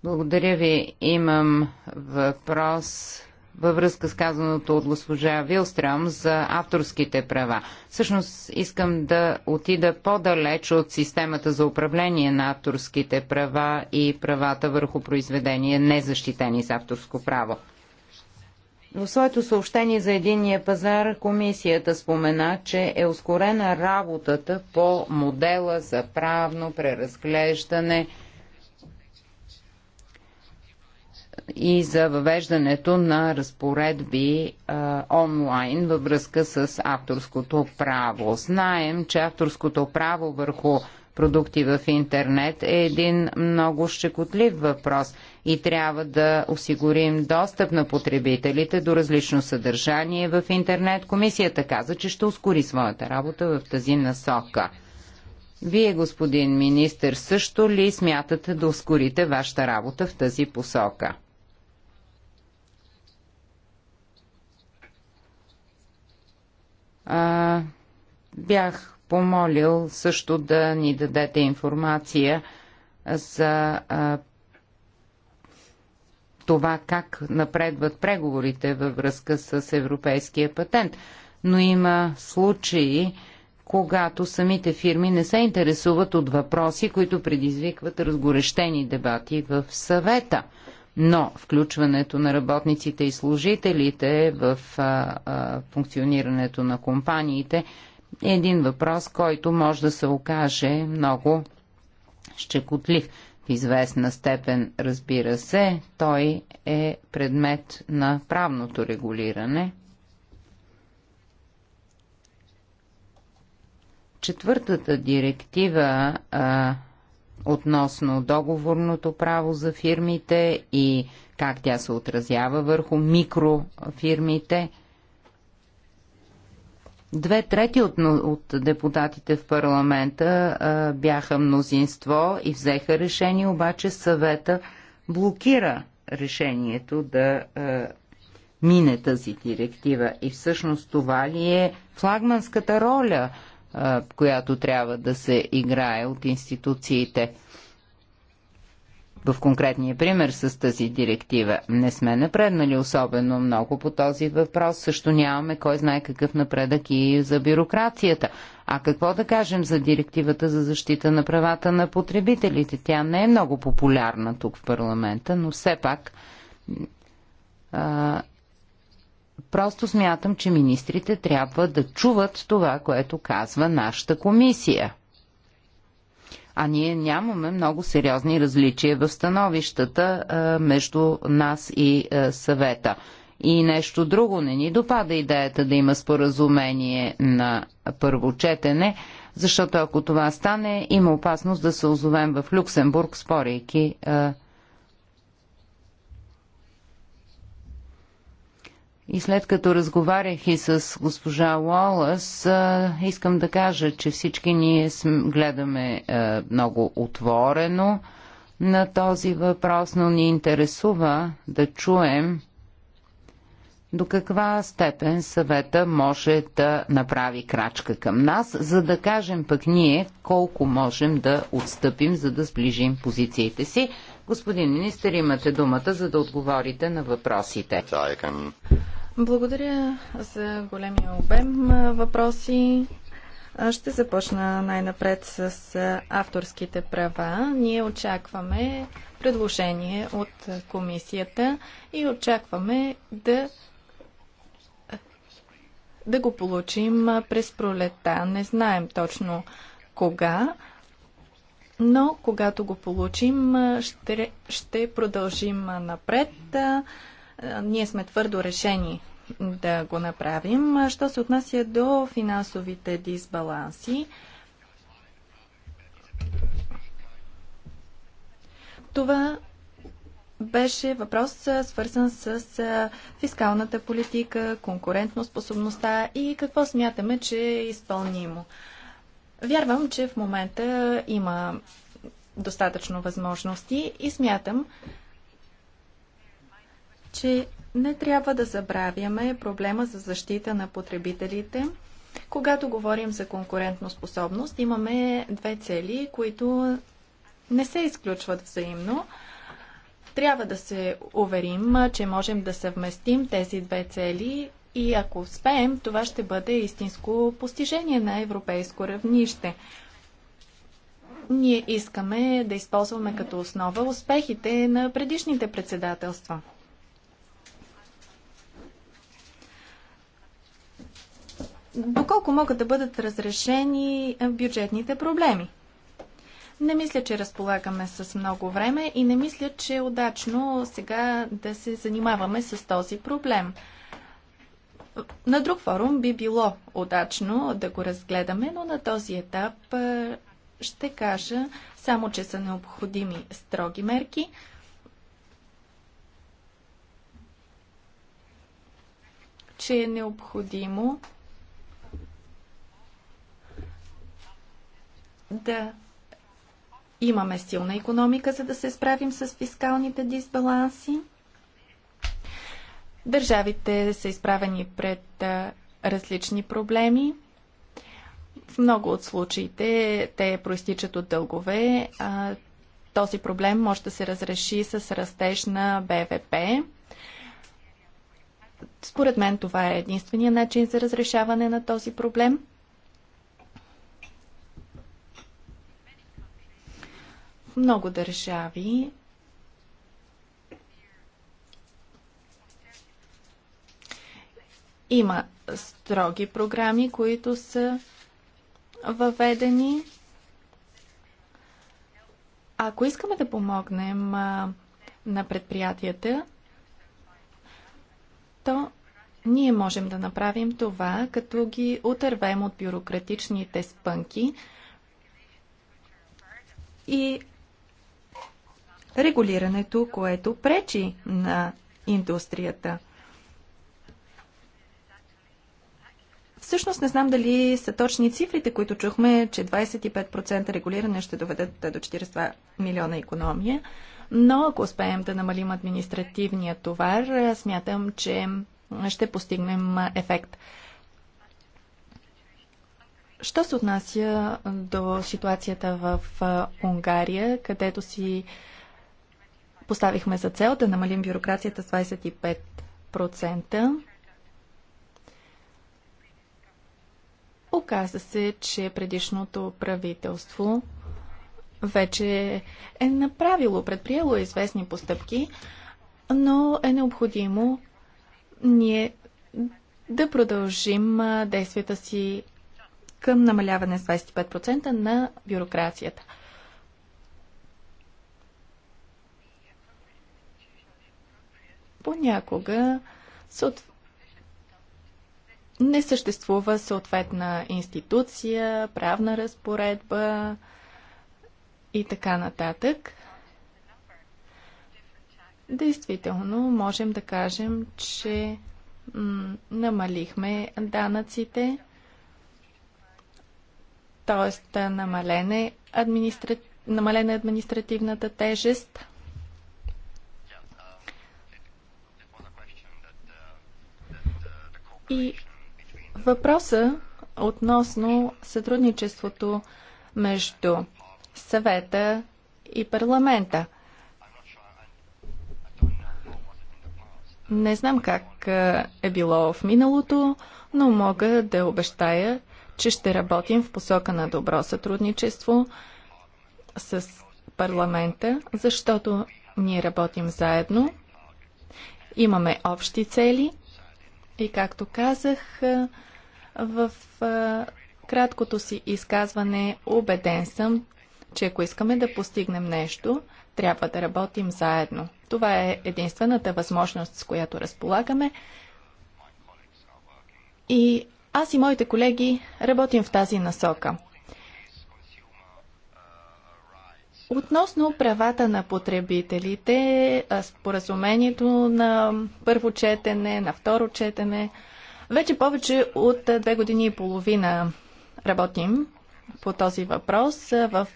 Благодаря ви. Имам въпрос във връзка с казаното от госпожа Вилстрам за авторските права. Всъщност искам да отида по-далеч от системата за управление на авторските права и правата върху произведения, незащитени с авторско право. В своето съобщение за единния пазар комисията спомена, че е ускорена работата по модела за правно преразглеждане – и за въвеждането на разпоредби а, онлайн във връзка с авторското право. Знаем, че авторското право върху продукти в интернет е един много щекотлив въпрос и трябва да осигурим достъп на потребителите до различно съдържание в интернет. Комисията каза, че ще ускори своята работа в тази насока. Вие, господин министр, също ли смятате да ускорите вашата работа в тази посока? А, бях помолил също да ни дадете информация за а, това как напредват преговорите във връзка с европейския патент. Но има случаи, когато самите фирми не се интересуват от въпроси, които предизвикват разгорещени дебати в съвета но включването на работниците и служителите в а, а, функционирането на компаниите е един въпрос, който може да се окаже много щекотлив. В известна степен, разбира се, той е предмет на правното регулиране. Четвъртата директива а, относно договорното право за фирмите и как тя се отразява върху микрофирмите. Две трети от, от депутатите в парламента а, бяха мнозинство и взеха решение, обаче съвета блокира решението да а, мине тази директива. И всъщност това ли е флагманската роля която трябва да се играе от институциите. В конкретния пример с тази директива не сме напреднали особено много по този въпрос. Също нямаме кой знае какъв напредък и за бюрокрацията. А какво да кажем за директивата за защита на правата на потребителите? Тя не е много популярна тук в парламента, но все пак Просто смятам, че министрите трябва да чуват това, което казва нашата комисия. А ние нямаме много сериозни различия в становищата а, между нас и а, съвета. И нещо друго не ни допада идеята да има споразумение на първо четене, защото ако това стане, има опасност да се озовем в Люксембург, спорейки а, И след като разговарях и с госпожа Уолас, искам да кажа, че всички ние гледаме много отворено на този въпрос, но ни интересува да чуем до каква степен съвета може да направи крачка към нас, за да кажем пък ние колко можем да отстъпим, за да сближим позициите си. Господин министр, имате думата, за да отговорите на въпросите. Благодаря за големия обем въпроси. Ще започна най-напред с авторските права. Ние очакваме предложение от комисията и очакваме да да го получим през пролета. Не знаем точно кога, но когато го получим, ще, ще продължим напред. Е, ние сме твърдо решени да го направим. Що се отнася до финансовите дисбаланси, това беше въпрос свързан с фискалната политика, способността и какво смятаме, че е изпълнимо. Вярвам, че в момента има достатъчно възможности и смятам, че не трябва да забравяме проблема за защита на потребителите. Когато говорим за конкурентоспособност, имаме две цели, които не се изключват взаимно. Трябва да се уверим, че можем да съвместим тези две цели и ако успеем, това ще бъде истинско постижение на европейско равнище. Ние искаме да използваме като основа успехите на предишните председателства. доколко могат да бъдат разрешени е, бюджетните проблеми. Не мисля, че разполагаме с много време и не мисля, че е удачно сега да се занимаваме с този проблем. На друг форум би било удачно да го разгледаме, но на този етап е, ще кажа само, че са необходими строги мерки. че е необходимо да имаме силна економика, за да се справим с фискалните дисбаланси. Държавите са изправени пред различни проблеми. В много от случаите те проистичат от дългове. Този проблем може да се разреши с растеж на БВП. Според мен това е единствения начин за разрешаване на този проблем – много държави има строги програми, които са въведени. Ако искаме да помогнем на предприятията, то ние можем да направим това, като ги отървем от бюрократичните спънки и регулирането, което пречи на индустрията. Всъщност не знам дали са точни цифрите, които чухме, че 25% регулиране ще доведат до 42 милиона економия, но ако успеем да намалим административния товар, смятам, че ще постигнем ефект. Що се отнася до ситуацията в Унгария, където си Поставихме за цел да намалим бюрокрацията с 25%. Оказа се, че предишното правителство вече е направило, предприело известни постъпки, но е необходимо ние да продължим действията си към намаляване с 25% на бюрокрацията. понякога не съществува съответна институция, правна разпоредба и така нататък. Действително, можем да кажем, че намалихме данъците, т.е. намалена е административната тежест – И въпроса относно сътрудничеството между съвета и парламента. Не знам как е, е било в миналото, но мога да обещая, че ще работим в посока на добро сътрудничество с парламента, защото ние работим заедно, имаме общи цели – и както казах, в краткото си изказване убеден съм, че ако искаме да постигнем нещо, трябва да работим заедно. Това е единствената възможност, с която разполагаме. И аз и моите колеги работим в тази насока. Относно правата на потребителите, споразумението на първо четене, на второ четене, вече повече от две години и половина работим по този въпрос. В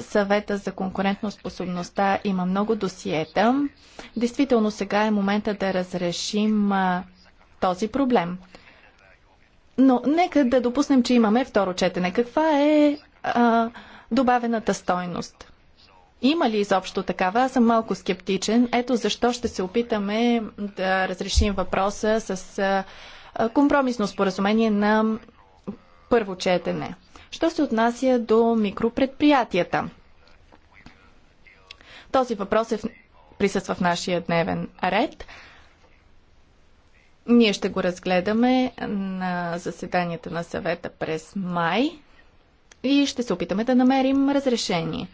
съвета за конкурентоспособността има много досиета. Действително сега е момента да разрешим този проблем. Но нека да допуснем, че имаме второ четене. Каква е а, добавената стойност. Има ли изобщо такава? Аз съм малко скептичен. Ето защо ще се опитаме да разрешим въпроса с компромисно споразумение на първо четене. Що се отнася до микропредприятията? Този въпрос е в... присъства в нашия дневен ред. Ние ще го разгледаме на заседанията на съвета през май и ще се опитаме да намерим разрешение.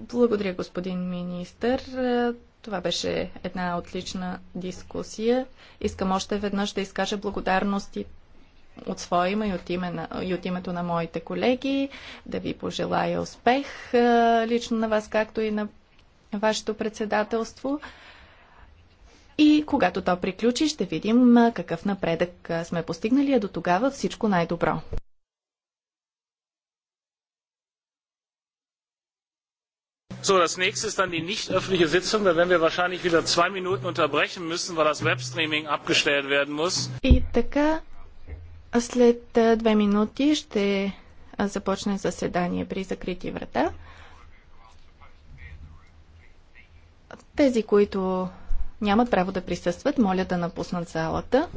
Благодаря, господин министър. Това беше една отлична дискусия. Искам още веднъж да изкажа благодарности от своя име и от, име на, и от името на моите колеги, да ви пожелая успех лично на вас, както и на вашето председателство и когато то приключи, ще видим какъв напредък сме постигнали, а до тогава всичко най-добро. So, das nächste ist dann die nicht öffentliche Sitzung. Da werden wir wahrscheinlich wieder zwei Minuten unterbrechen müssen, weil das Webstreaming abgestellt werden muss. И така, след две минути ще започне заседание при закрити врата. Тези, които нямат право да присъстват. Моля да напуснат залата.